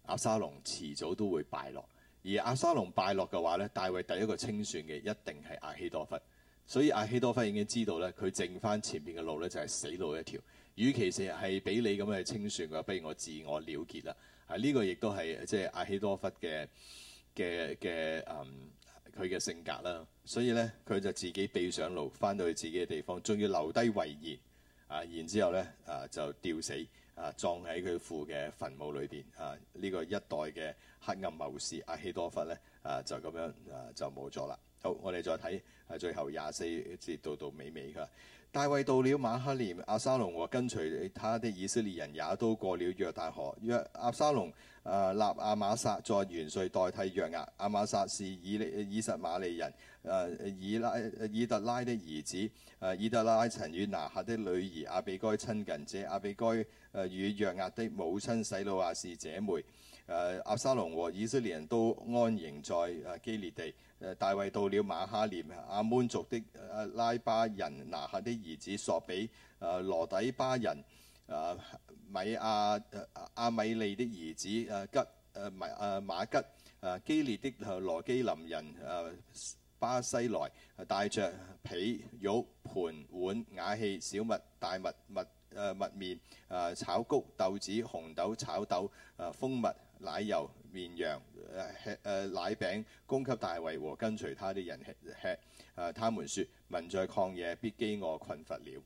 押沙龍遲早都會敗落。而押沙龍敗落嘅話咧，大衛第一個清算嘅一定係亞希多弗，所以亞希多弗已經知道咧，佢剩翻前邊嘅路咧就係死路一條。與其成係俾你咁樣去清算嘅，不如我自我了結啦。啊，呢、這個亦都係即係亞希多弗嘅嘅嘅嗯，佢嘅性格啦。所以咧，佢就自己避上路，翻到去自己嘅地方，仲要留低遺言啊。然之後咧啊，就吊死啊，葬喺佢父嘅墳墓裏邊啊。呢、這個一代嘅。黑暗謀士亞希多弗咧，啊就咁樣啊就冇咗啦。好，我哋再睇啊最後廿四節到到尾尾㗎。大衛到了馬克廉，押沙龍和跟隨他的以色列人也都過了約旦河。約押沙龍啊立亞瑪撒作元帥代替約押。亞瑪撒是以以實瑪利人，啊以拉以特拉的兒子。啊以特拉曾與拿轄的女兒亞比該親近者。亞比該啊與約押的母親洗魯雅是姐妹。誒押沙龍和以色列人都安營在誒基列地。誒大衛到了馬哈念，亞捫族的誒拉巴人拿轄的兒子朔比，誒羅底巴人，誒米亞阿、啊啊、米利的兒子誒吉誒米誒、啊啊啊、馬吉，誒、啊、基列的羅基林人誒、啊、巴西萊，帶着被褥盤碗瓦器小麥大麥麥誒麥麵誒、啊、炒穀豆子紅豆炒豆誒、啊、蜂蜜。奶油、綿羊、誒、吃、誒、奶餅，供給大衛和跟隨他啲人吃。誒，他們説：民在曠野必，必飢餓困乏了。誒、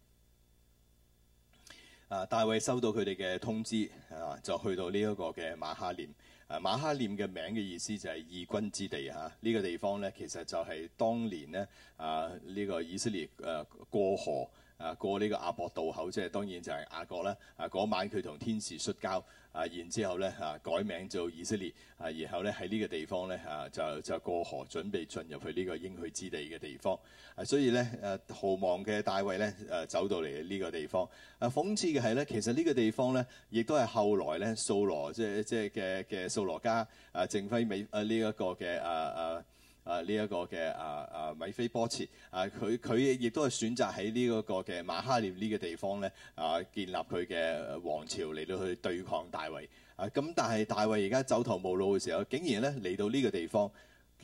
啊，大衛收到佢哋嘅通知，啊，就去到呢一個嘅馬哈念。誒、啊，馬哈念嘅名嘅意思就係二軍之地嚇。呢、啊，這個地方呢，其實就係當年咧啊，呢、這個以色列誒過河。啊，過呢個雅博渡口，即係當然就係雅各啦。啊，嗰晚佢同天使摔跤，啊，然之後咧啊，改名做以色列。啊，然後咧喺呢個地方咧啊，就就過河，準備進入去呢個應許之地嘅地方。啊，所以咧誒、啊，逃亡嘅大衛咧誒、啊，走到嚟呢個地方。啊，諷刺嘅係咧，其實呢個地方咧，亦都係後來咧，掃羅即係即係嘅嘅掃羅家啊，正輝美啊呢一個嘅啊。這個啊！呢、這、一個嘅啊啊米非波設，啊，佢佢亦都係選擇喺呢一個嘅瑪哈念呢個地方咧啊，建立佢嘅皇朝嚟到去對抗大衛啊！咁但係大衛而家走投無路嘅時候，竟然咧嚟到呢個地方，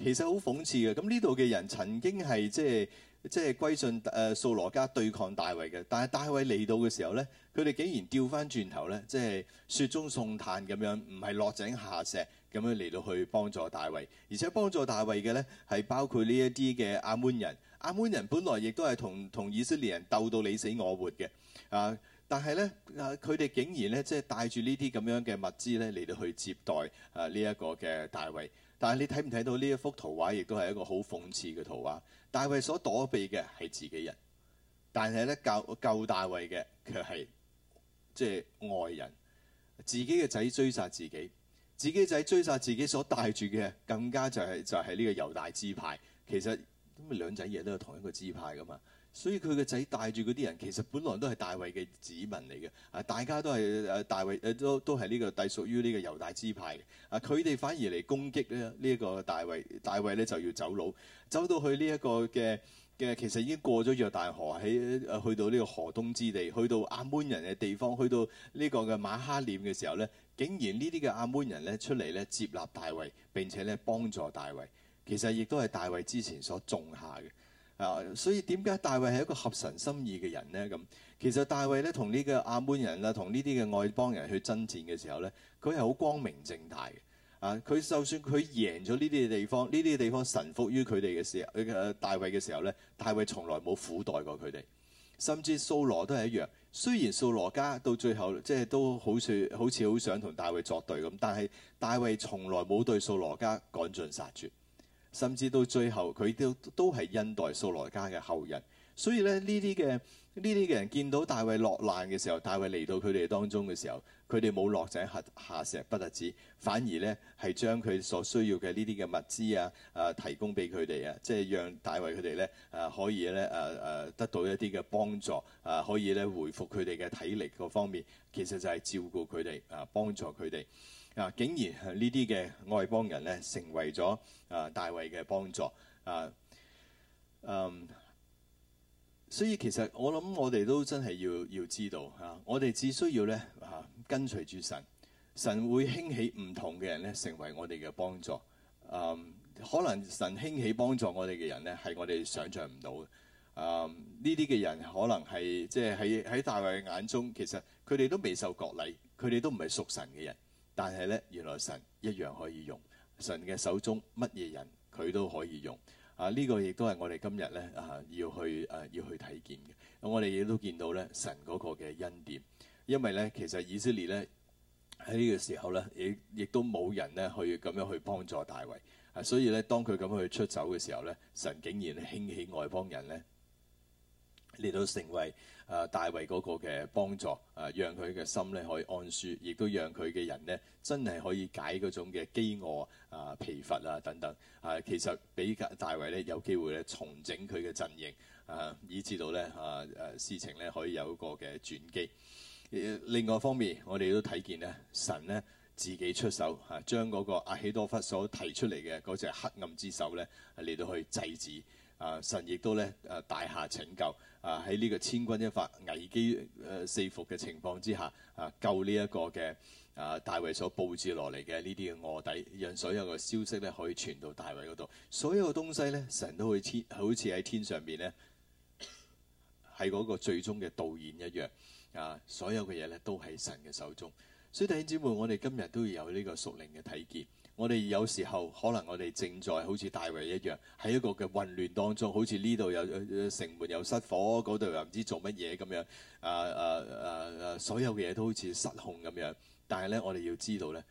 其實好諷刺嘅。咁呢度嘅人曾經係即係即係歸順誒掃羅家對抗大衛嘅，但係大衛嚟到嘅時候咧，佢哋竟然掉返轉頭咧，即係雪中送炭咁樣，唔係落井下石。咁樣嚟到去幫助大衛，而且幫助大衛嘅呢係包括呢一啲嘅亞捫人。亞捫人本來亦都係同同以色列人鬥到你死我活嘅啊！但係呢，啊，佢哋竟然呢，即係帶住呢啲咁樣嘅物資呢嚟到去接待啊呢一個嘅大衛。但係你睇唔睇到呢一幅圖畫？亦都係一個好諷刺嘅圖畫。大衛所躲避嘅係自己人，但係呢救救大衛嘅卻係即係外人，自己嘅仔追殺自己。自己仔追殺自己所帶住嘅，更加就係、係、就係、係、呢個猶大支派。其實咁咪兩仔爺都係同一個支派噶嘛。所以佢嘅仔帶住嗰啲人，其實本來都係大衛嘅子民嚟嘅。啊，大家都係、啊、大衛，啊、都、呢個、都係呢、呢個隸屬於呢個猶大支派。啊，佢哋反而嚟攻擊咧呢個大衛，大衛咧就要走佬，走到去呢一個嘅嘅，其實已經過咗約旦河，喺去到呢個河東之地，去到亞捫人嘅地方，去到呢個嘅馬哈念嘅時候咧。竟然呢啲嘅亞捫人咧出嚟咧接納大衛，並且咧幫助大衛，其實亦都係大衛之前所種下嘅。啊，所以點解大衛係一個合神心意嘅人呢？咁其實大衛咧同呢個亞捫人啊，同呢啲嘅外邦人去爭戰嘅時候咧，佢係好光明正大嘅。啊，佢就算佢贏咗呢啲地方，呢啲地方臣服於佢哋嘅時候，誒大衛嘅時候咧，大衛從來冇苦待過佢哋，甚至掃羅都係一樣。雖然掃羅家到最後即係都好似好似好想同大衛作對咁，但係大衛從來冇對掃羅家趕盡殺絕，甚至到最後佢都都係恩待掃羅家嘅後人。所以咧呢啲嘅呢啲嘅人見到大衛落難嘅時候，大衛嚟到佢哋當中嘅時候。佢哋冇落井下下石不特止，反而呢係將佢所需要嘅呢啲嘅物資啊啊提供俾佢哋啊，即係讓大衛佢哋呢啊可以呢啊啊得到一啲嘅幫助啊，可以呢，啊啊、可以呢回復佢哋嘅體力嗰方面，其實就係照顧佢哋啊，幫助佢哋啊，竟然呢啲嘅外邦人呢成為咗啊大衛嘅幫助啊，啊所以其實我諗我哋都真係要要知道啊，我哋只需要呢。啊。跟隨住神，神會興起唔同嘅人咧，成為我哋嘅幫助。嗯，可能神興起幫助我哋嘅人咧，係我哋想象唔到嘅。嗯，呢啲嘅人可能係即係喺喺大衛嘅眼中，其實佢哋都未受割禮，佢哋都唔係屬神嘅人。但係咧，原來神一樣可以用神嘅手中乜嘢人佢都可以用。啊，這個、呢個亦都係我哋今日咧啊要去啊要去睇見嘅。咁、啊、我哋亦都見到咧神嗰個嘅恩典。因為咧，其實以色列咧喺呢個時候咧，亦亦都冇人咧去咁樣去幫助大衛啊。所以咧，當佢咁樣去出走嘅時候咧，神竟然興起外邦人咧嚟到成為啊大衛嗰個嘅幫助啊，讓佢嘅心咧可以安舒，亦都讓佢嘅人咧真係可以解嗰種嘅飢餓啊、疲乏啊等等啊。其實俾大衛咧有機會咧重整佢嘅陣營啊，以至到咧啊誒事情咧可以有一個嘅轉機。另外一方面，我哋都睇見咧，神咧自己出手嚇，將、啊、嗰個亞希多弗所提出嚟嘅嗰隻黑暗之手咧，嚟、啊、到去制止。啊，神亦都咧，啊大下拯救啊喺呢個千鈞一髮危機誒四伏嘅情況之下，啊救呢一個嘅啊大衛所佈置落嚟嘅呢啲嘅臥底，讓所有嘅消息咧可以傳到大衛嗰度。所有嘅東西咧，神都會好似喺天上面咧，係嗰個最終嘅導演一樣。啊！所有嘅嘢咧都喺神嘅手中，所以弟兄姊妹，我哋今日都要有呢個屬靈嘅體驗。我哋有時候可能我哋正在好似大衛一樣，喺一個嘅混亂當中，好似呢度又城門又失火，嗰度又唔知做乜嘢咁樣，啊啊啊，啊！所有嘅嘢都好似失控咁樣。但係咧，我哋要知道咧，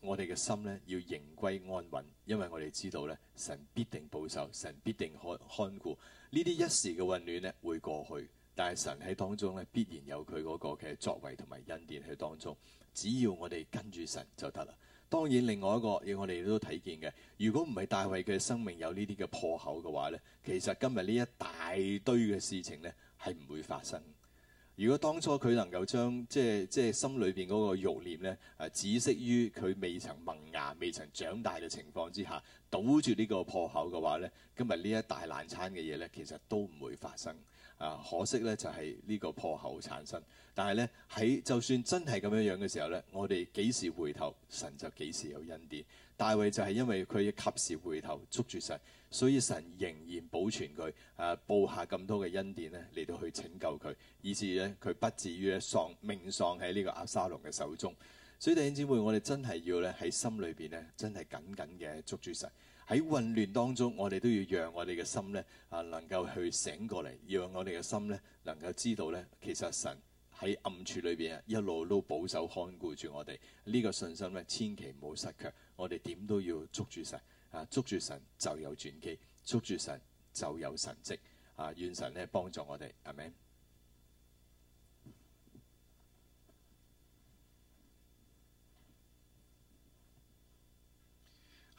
我哋嘅心咧要迎歸安穩，因為我哋知道咧，神必定保守，神必定看看顧。呢啲一時嘅混亂咧會過去。但係神喺當中咧，必然有佢嗰個嘅作為同埋恩典喺當中。只要我哋跟住神就得啦。當然，另外一個要我哋都睇見嘅，如果唔係大衛嘅生命有呢啲嘅破口嘅話咧，其實今日呢一大堆嘅事情咧係唔會發生。如果當初佢能夠將即係即係心裏邊嗰個慾念咧，係、啊、止息於佢未曾萌芽、未曾長大嘅情況之下，堵住呢個破口嘅話咧，今日呢一大難餐嘅嘢咧，其實都唔會發生。啊，可惜呢，就係、是、呢個破口產生。但係呢，喺就算真係咁樣樣嘅時候呢，我哋幾時回頭，神就幾時有恩典。大衛就係因為佢要及時回頭捉住神，所以神仍然保存佢。誒、啊，佈下咁多嘅恩典咧嚟到去拯救佢，以致呢，佢不至於咧命喪喺呢個押沙龍嘅手中。所以弟兄姊妹，我哋真係要咧喺心裏邊呢，真係緊緊嘅捉住神。喺混亂當中，我哋都要讓我哋嘅心咧啊，能夠去醒過嚟，讓我哋嘅心咧能夠知道咧，其實神喺暗處裏邊啊，一路都保守看顧住我哋。呢個信心咧，千祈唔好失卻，我哋點都要捉住神啊，捉住神就有轉機，捉住神就有神蹟啊，願神咧幫助我哋，阿門。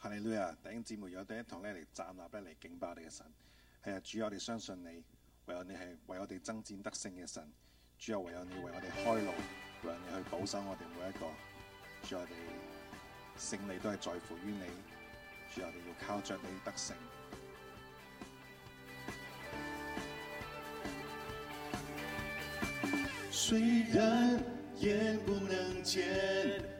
哈利路亞，弟兄姊妹有第一,一堂咧嚟站立咧嚟敬拜我哋嘅神。係啊，主啊，我哋相信你，唯有你係為我哋爭戰得勝嘅神。主啊，唯有你為我哋開路，唯有你去保守我哋每一個。主啊，我哋勝利都係在乎於你。主啊，我哋要靠着你得勝。
雖然言不能見。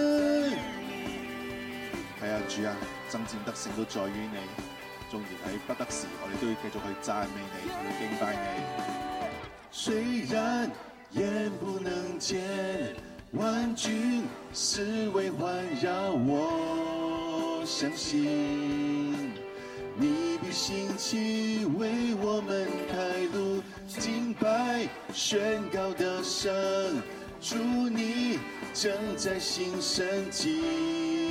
係啊，主啊，真正得勝都在於你，縱然喺不得時，我哋都要繼續去讚美你，去敬拜你。
雖然眼不能見，萬軍是為環繞我，相信你的興起為我們開路，敬拜宣告得勝，祝你正在新升級。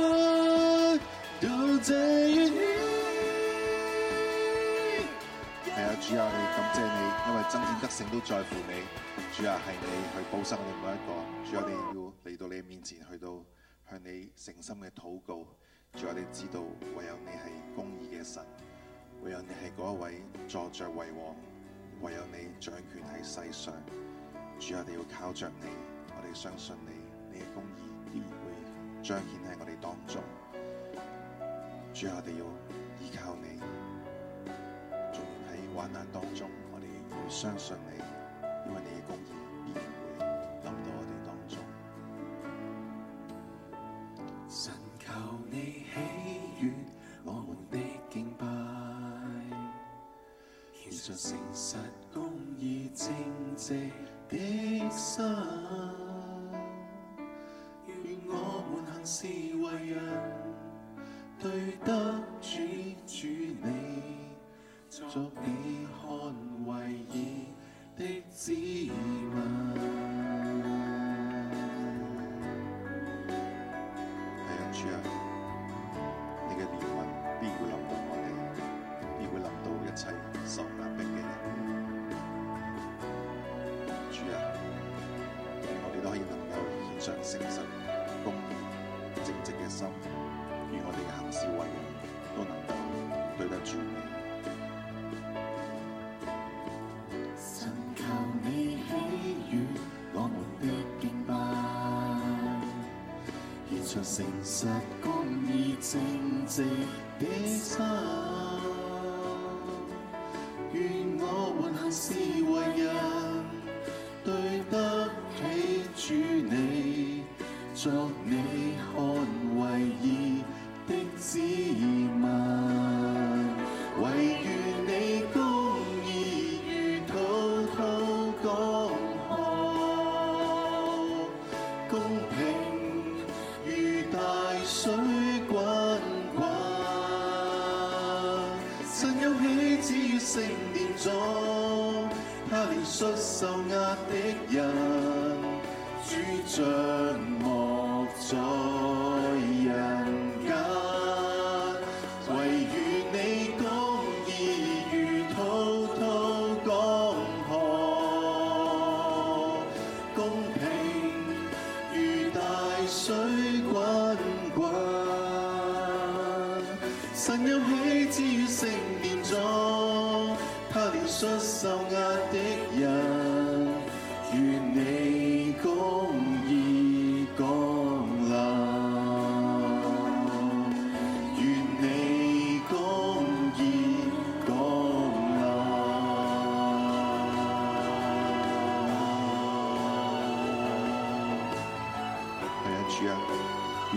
係啊 Yeah.，主啊，我哋感謝你，因為真正得勝都在乎你。主要係你去保守我哋每一個。主，我哋要嚟到你面前，去到向你誠心嘅禱告。主，要你知道唯有你係公義嘅神，唯有你係嗰一位坐着為王，唯有你掌權喺世上。主要我哋要靠着你，我哋相信你，你嘅公義必然會彰顯喺我哋當中。主啊，我哋要依靠你，仲喺患難當中，我哋要相信你，因為你嘅
公義必然會臨到我哋當中。神，求你喜悅我們的敬拜，獻上誠實、公義正正、正直的心，願我們行事。誠實公義，正直的心。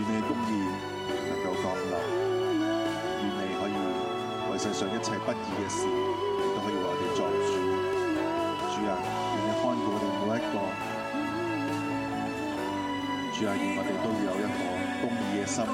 你嘅公義能夠降臨，願你可以為世上一切不義嘅事，亦都可以為我哋作主，主啊，願你看到我哋每一個，主啊，願我哋都要有一顆公義嘅心嚟到。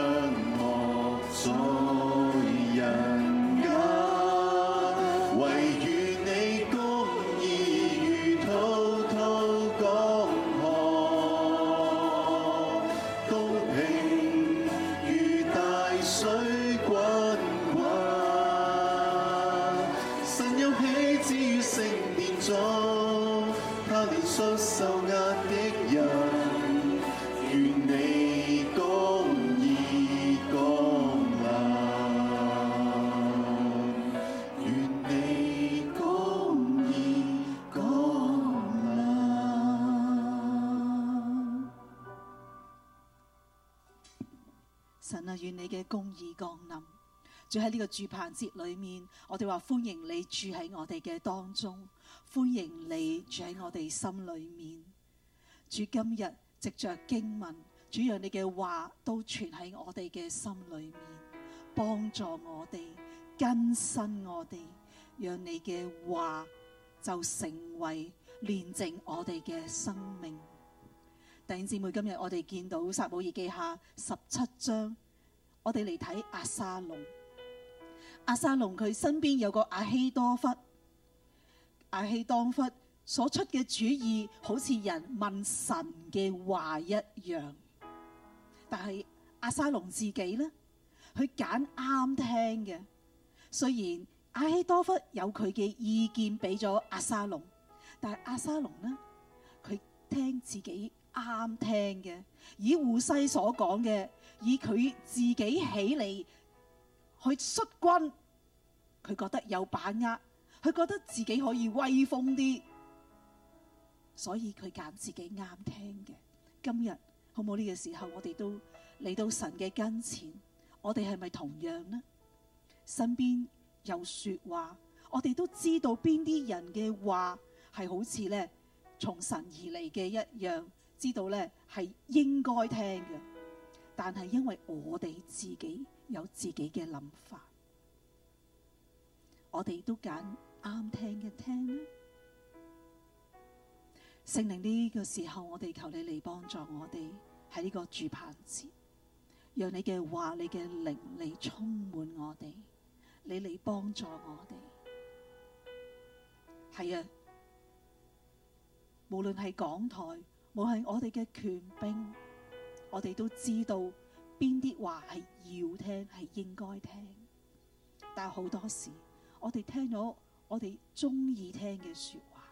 你嘅公義降臨，主喺呢個住棚節裏面，我哋話歡迎你住喺我哋嘅當中，歡迎你住喺我哋心裏面。主今日藉着經文，主讓你嘅話都存喺我哋嘅心裏面，幫助我哋更新我哋，讓你嘅話就成為煉淨我哋嘅生命。弟兄姊妹，今日我哋見到撒母耳記下十七章。我哋嚟睇亞沙龍，亞沙龍佢身邊有個亞希多弗，亞希當弗所出嘅主意好似人問神嘅話一樣，但係亞沙龍自己呢，佢揀啱聽嘅。雖然亞希多弗有佢嘅意見俾咗亞沙龍，但係亞沙龍呢，佢聽自己啱聽嘅，以護西所講嘅。以佢自己起嚟去率軍，佢覺得有把握，佢覺得自己可以威風啲，所以佢揀自己啱聽嘅。今日好唔好呢，這個時候我，我哋都嚟到神嘅跟前，我哋係咪同樣呢？身邊有說話，我哋都知道邊啲人嘅話係好似咧從神而嚟嘅一樣，知道咧係應該聽嘅。但係因為我哋自己有自己嘅諗法，我哋都揀啱聽嘅聽啦。聖靈呢個時候，我哋求你嚟幫助我哋喺呢個住棚節，讓你嘅話、你嘅靈、你充滿我哋，你嚟幫助我哋。係啊，無論係港台，無係我哋嘅權兵。我哋都知道邊啲話係要聽，係應該聽，但係好多時，我哋聽咗，我哋中意聽嘅說話。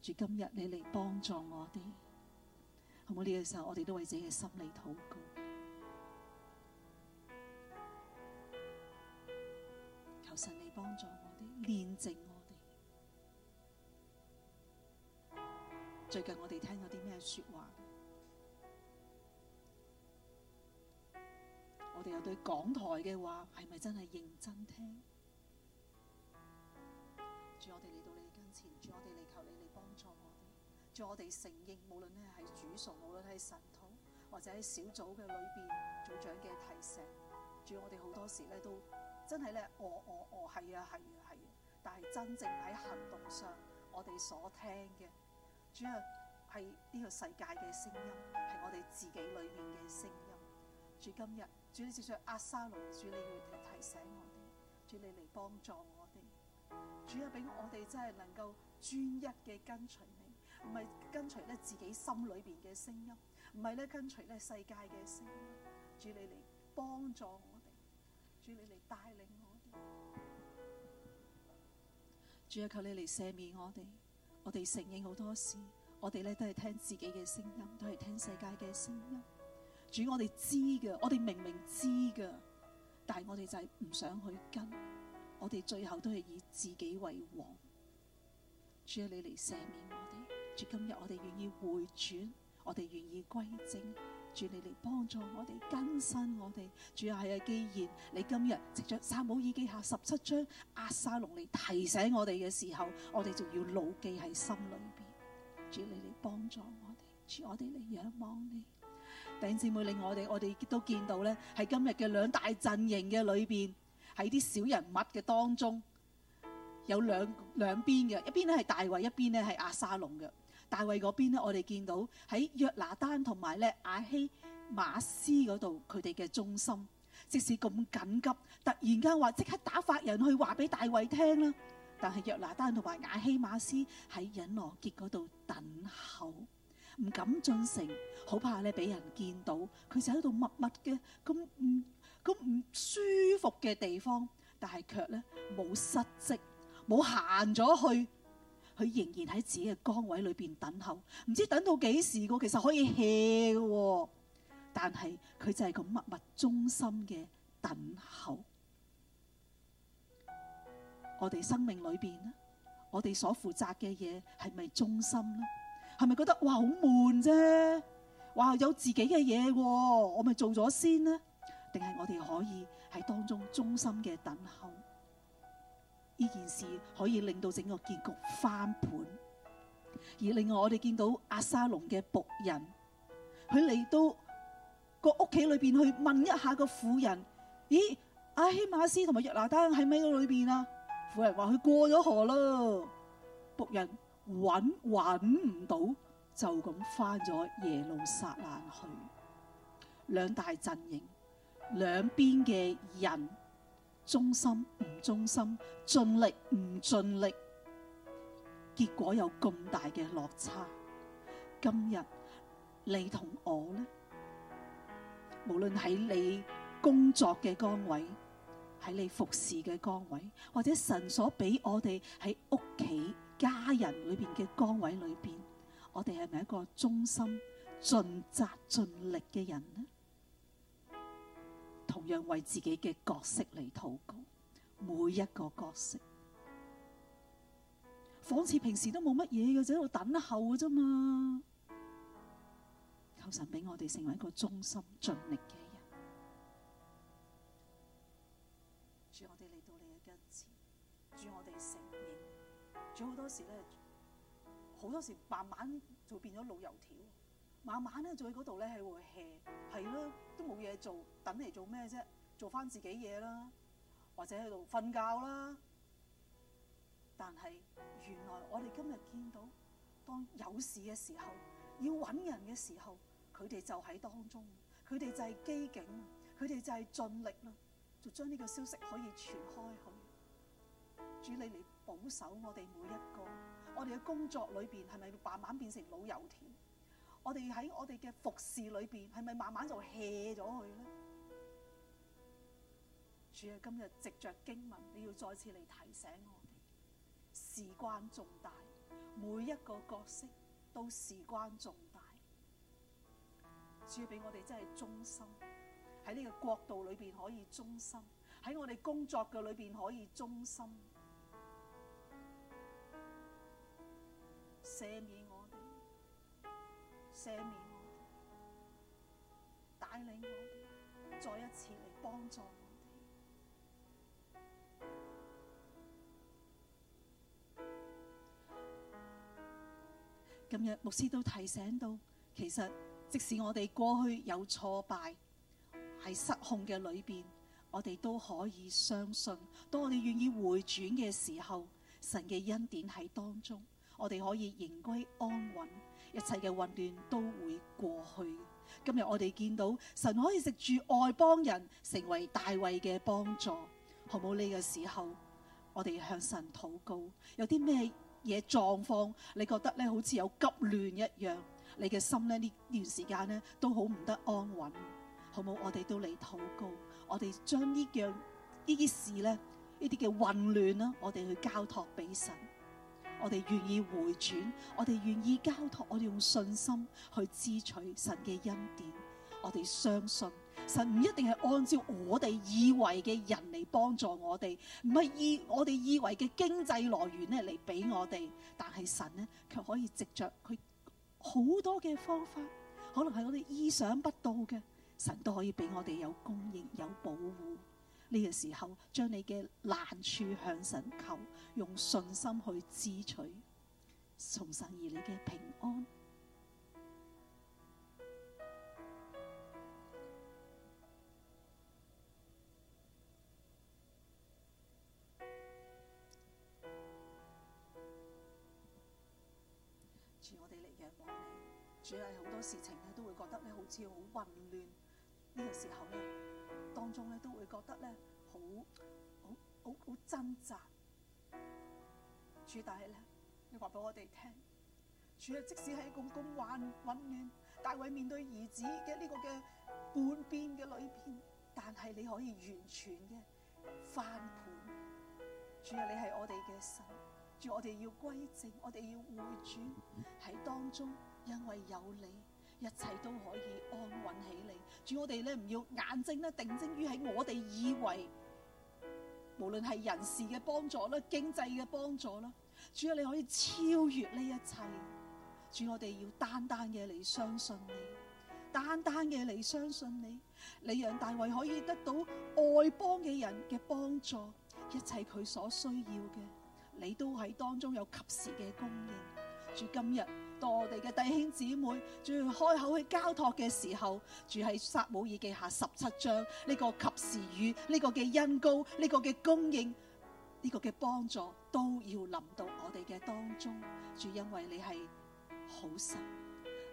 主今日你嚟幫助我哋，好，冇、這、呢個時候，我哋都為自己嘅心裡禱告，求神你幫助我哋，煉淨我哋。最近我哋聽咗啲咩說話？我哋又對講台嘅話係咪真係認真聽？主，我哋嚟到你嘅跟前；主，我哋嚟求你嚟幫助我哋；主，我哋承認無論咧係主數，無論係神徒，或者係小組嘅裏邊組長嘅提醒。主，我哋好多時咧都真係咧，我、哦、我、哦、我、哦、係啊，係啊，係、啊啊。但係真正喺行動上，我哋所聽嘅，主啊，係呢個世界嘅聲音，係我哋自己裏面嘅聲音。主今，今日。主耶穌，押沙龍，主你嚟提提醒我哋，主你嚟幫助我哋，主啊，俾我哋真係能夠專一嘅跟隨你，唔係跟隨咧自己心裏邊嘅聲音，唔係咧跟隨咧世界嘅聲音，主你嚟幫助我哋，主你嚟帶領我哋，主啊，求你嚟赦免我哋，我哋承認好多事，我哋咧都係聽自己嘅聲音，都係聽世界嘅聲音。主，我哋知嘅，我哋明明知嘅，但係我哋就係唔想去跟，我哋最後都係以自己為王。主，你嚟赦免我哋，主今日我哋願意回轉，我哋願意歸正。主，你嚟幫助我哋更新我哋。主要係啊，既然你今日藉着撒母耳記下十七章押沙龍嚟提醒我哋嘅時候，我哋仲要牢記喺心裏邊。主，你嚟幫助我哋，主，我哋嚟仰望你。弟兄姊妹，另我哋，我哋都見到咧，喺今日嘅兩大陣營嘅裏邊，喺啲小人物嘅當中，有兩兩邊嘅，一邊咧係大衛，一邊咧係押沙龍嘅。大衛嗰邊咧，我哋見到喺約拿單同埋咧亞希馬斯嗰度，佢哋嘅忠心，即使咁緊急，突然間話即刻打發人去話俾大衛聽啦，但係約拿單同埋亞希馬斯喺隱羅結嗰度等候。唔敢進城，好怕咧俾人見到，佢就喺度默默嘅咁唔咁唔舒服嘅地方。但係卻咧冇失職，冇行咗去，佢仍然喺自己嘅崗位裏邊等候。唔知等到幾時個，其實可以 hea 嘅，但係佢就係咁默默忠心嘅等候。我哋生命裏邊咧，我哋所負責嘅嘢係咪忠心咧？係咪覺得哇好悶啫？哇有自己嘅嘢喎，我咪做咗先咧？定係我哋可以喺當中忠心嘅等候呢件事，可以令到整個結局翻盤。而另外我哋見到押沙龍嘅僕人，佢嚟到個屋企裏邊去問一下個婦人：，咦，亞希瑪斯同埋約拿單喺唔喺個裏邊啊？婦人話：佢過咗河咯。僕人。揾揾唔到，就咁返咗耶路撒冷去。兩大陣營，兩邊嘅人忠心唔忠心，盡力唔盡力，結果有咁大嘅落差。今日你同我咧，無論喺你工作嘅崗位，喺你服侍嘅崗位，或者神所俾我哋喺屋企家人裏邊嘅崗位裏邊，我哋係咪一個忠心盡責盡力嘅人呢？同樣為自己嘅角色嚟禱告，每一個角色，仿似平時都冇乜嘢嘅，就喺度等候啫嘛。求神俾我哋成為一個忠心盡力嘅。仲好多時咧，好多時慢慢就變咗老油條，慢慢咧就喺嗰度咧喺度 hea，係咯，都冇嘢做，等嚟做咩啫？做翻自己嘢啦，或者喺度瞓覺啦。但係原來我哋今日見到，當有事嘅時候，要揾人嘅時候，佢哋就喺當中，佢哋就係機警，佢哋就係盡力咯，就將呢個消息可以傳開去。主理你保守我哋每一個，我哋嘅工作裏邊係咪慢慢變成老油田？我哋喺我哋嘅服侍裏邊係咪慢慢就 hea 咗去咧？主要今日藉着經文，你要再次嚟提醒我哋，事關重大，每一個角色都事關重大。主要俾我哋真係忠心喺呢個國度裏邊可以忠心，喺我哋工作嘅裏邊可以忠心。赦免我哋，赦免我哋，帶領我哋再一次嚟幫助我哋。今日牧師都提醒到，其實即使我哋過去有挫敗，喺失控嘅裏邊，我哋都可以相信，當我哋願意回轉嘅時候，神嘅恩典喺當中。我哋可以迎歸安穩，一切嘅混亂都會過去。今日我哋見到神可以藉住外邦人，成為大衛嘅幫助，好冇？呢個時候，我哋向神禱告。有啲咩嘢狀況，你覺得咧好似有急亂一樣？你嘅心咧呢段時間咧都好唔得安穩，好冇？我哋都嚟禱告，我哋將呢樣呢啲事咧呢啲嘅混亂啦，我哋去交託俾神。我哋願意回轉，我哋願意交託，我哋用信心去支取神嘅恩典。我哋相信神唔一定係按照我哋以為嘅人嚟幫助我哋，唔係以我哋以為嘅經濟來源咧嚟俾我哋，但係神呢，卻可以藉着佢好多嘅方法，可能係我哋意想不到嘅，神都可以俾我哋有供應、有保護。呢個時候，將你嘅難處向神求，用信心去支取從神而嚟嘅平安。主， [noise] 我哋嚟仰望你。主啊，好多事情都會覺得咧好似好混亂。呢個時候呢，當中呢，都會覺得呢，好，好，好好掙扎。主，但係你話俾我哋聽，主啊，即使喺咁咁患，混亂，但係大衛面對兒子嘅呢個嘅叛變嘅裏面，但係你可以完全嘅翻盤。主啊，你係我哋嘅神，主，我哋要歸正，我哋要回轉喺當中，因為有你。一切都可以安穩起嚟，主，我哋咧唔要眼睛啦，定睛於喺我哋以為，無論係人事嘅幫助啦、經濟嘅幫助啦，主啊，你可以超越呢一切，主要我哋要單單嘅嚟相信你，單單嘅嚟相信你，你讓大衛可以得到外邦嘅人嘅幫助，一切佢所需要嘅，你都喺當中有及時嘅供應，主今日。我哋嘅弟兄姊妹，仲要開口去交託嘅時候，住喺撒母耳記下十七章呢個及時雨，呢個嘅恩膏，呢個嘅供應，呢個嘅幫助都要臨到我哋嘅當中。主，因為你係好神，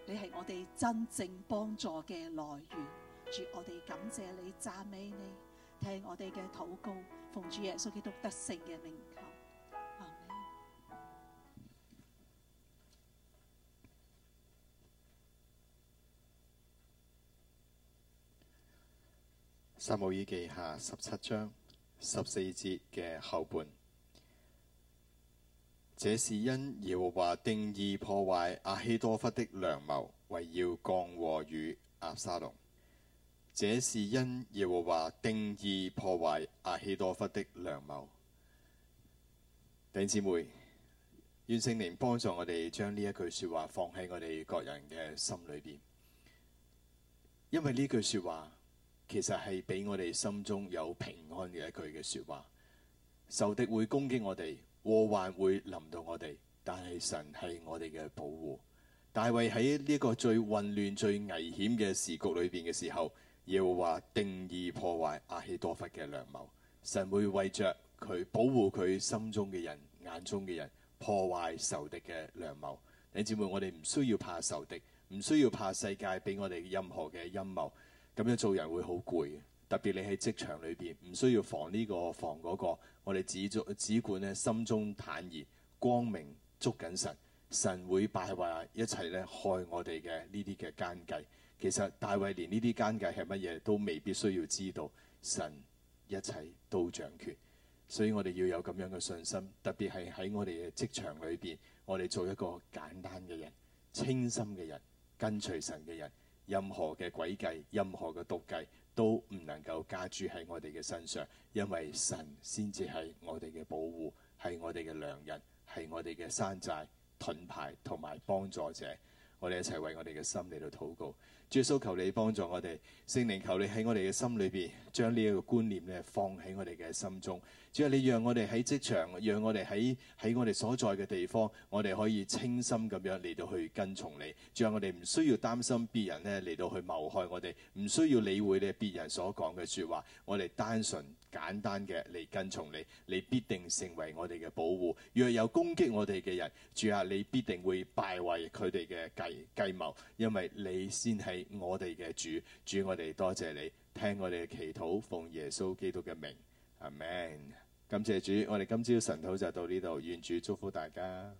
你係我哋真正幫助嘅來源。主，我哋感謝你、讚美你，聽我哋嘅禱告，奉主耶穌基督得勝嘅名。
撒母耳記下十七章十四節嘅後半，這是因耶和華定意破壞亞希多弗的良謀，圍繞降禍與押沙龍。這是因耶和華定意破壞亞希多弗的良謀。弟兄姊妹，願聖靈幫助我哋將呢一句說話放喺我哋各人嘅心裏邊，因為呢句說話。其實係俾我哋心中有平安嘅一句嘅說話。仇敵會攻擊我哋，禍患會臨到我哋，但係神係我哋嘅保護。大衛喺呢一個最混亂、最危險嘅時局裏邊嘅時候，耶和華定意破壞亞希多弗嘅良謀。神會為着佢保護佢心中嘅人、眼中嘅人，破壞仇敵嘅良謀。弟兄姊妹，我哋唔需要怕仇敵，唔需要怕世界俾我哋任何嘅陰謀。咁樣做人會好攰，特別你喺職場裏邊，唔需要防呢個防嗰個。我哋只做只管咧，心中坦然，光明捉緊神，神會敗壞一切咧害我哋嘅呢啲嘅奸計。其實大衛連呢啲奸計係乜嘢都未必需要知道，神一切都掌權。所以我哋要有咁樣嘅信心，特別係喺我哋嘅職場裏邊，我哋做一個簡單嘅人、清心嘅人、跟隨神嘅人。任何嘅詭計，任何嘅毒計，都唔能夠加諸喺我哋嘅身上，因為神先至係我哋嘅保護，係我哋嘅良人，係我哋嘅山寨盾牌同埋幫助者。我哋一齊為我哋嘅心嚟到禱告，主耶穌求你幫助我哋，聖靈求你喺我哋嘅心裏邊將呢一個觀念咧放喺我哋嘅心中。主啊，你讓我哋喺職場，讓我哋喺喺我哋所在嘅地方，我哋可以清心咁樣嚟到去跟從你。主啊，我哋唔需要擔心別人咧嚟到去謀害我哋，唔需要理會你別人所講嘅說話，我哋單純。簡單嘅嚟跟從你，你必定成為我哋嘅保護。若有攻擊我哋嘅人，主啊，你必定會敗壞佢哋嘅計計謀，因為你先係我哋嘅主。主，我哋多謝你聽我哋嘅祈禱，奉耶穌基督嘅名，阿門。感謝主，我哋今朝晨禱就到呢度，願主祝福大家。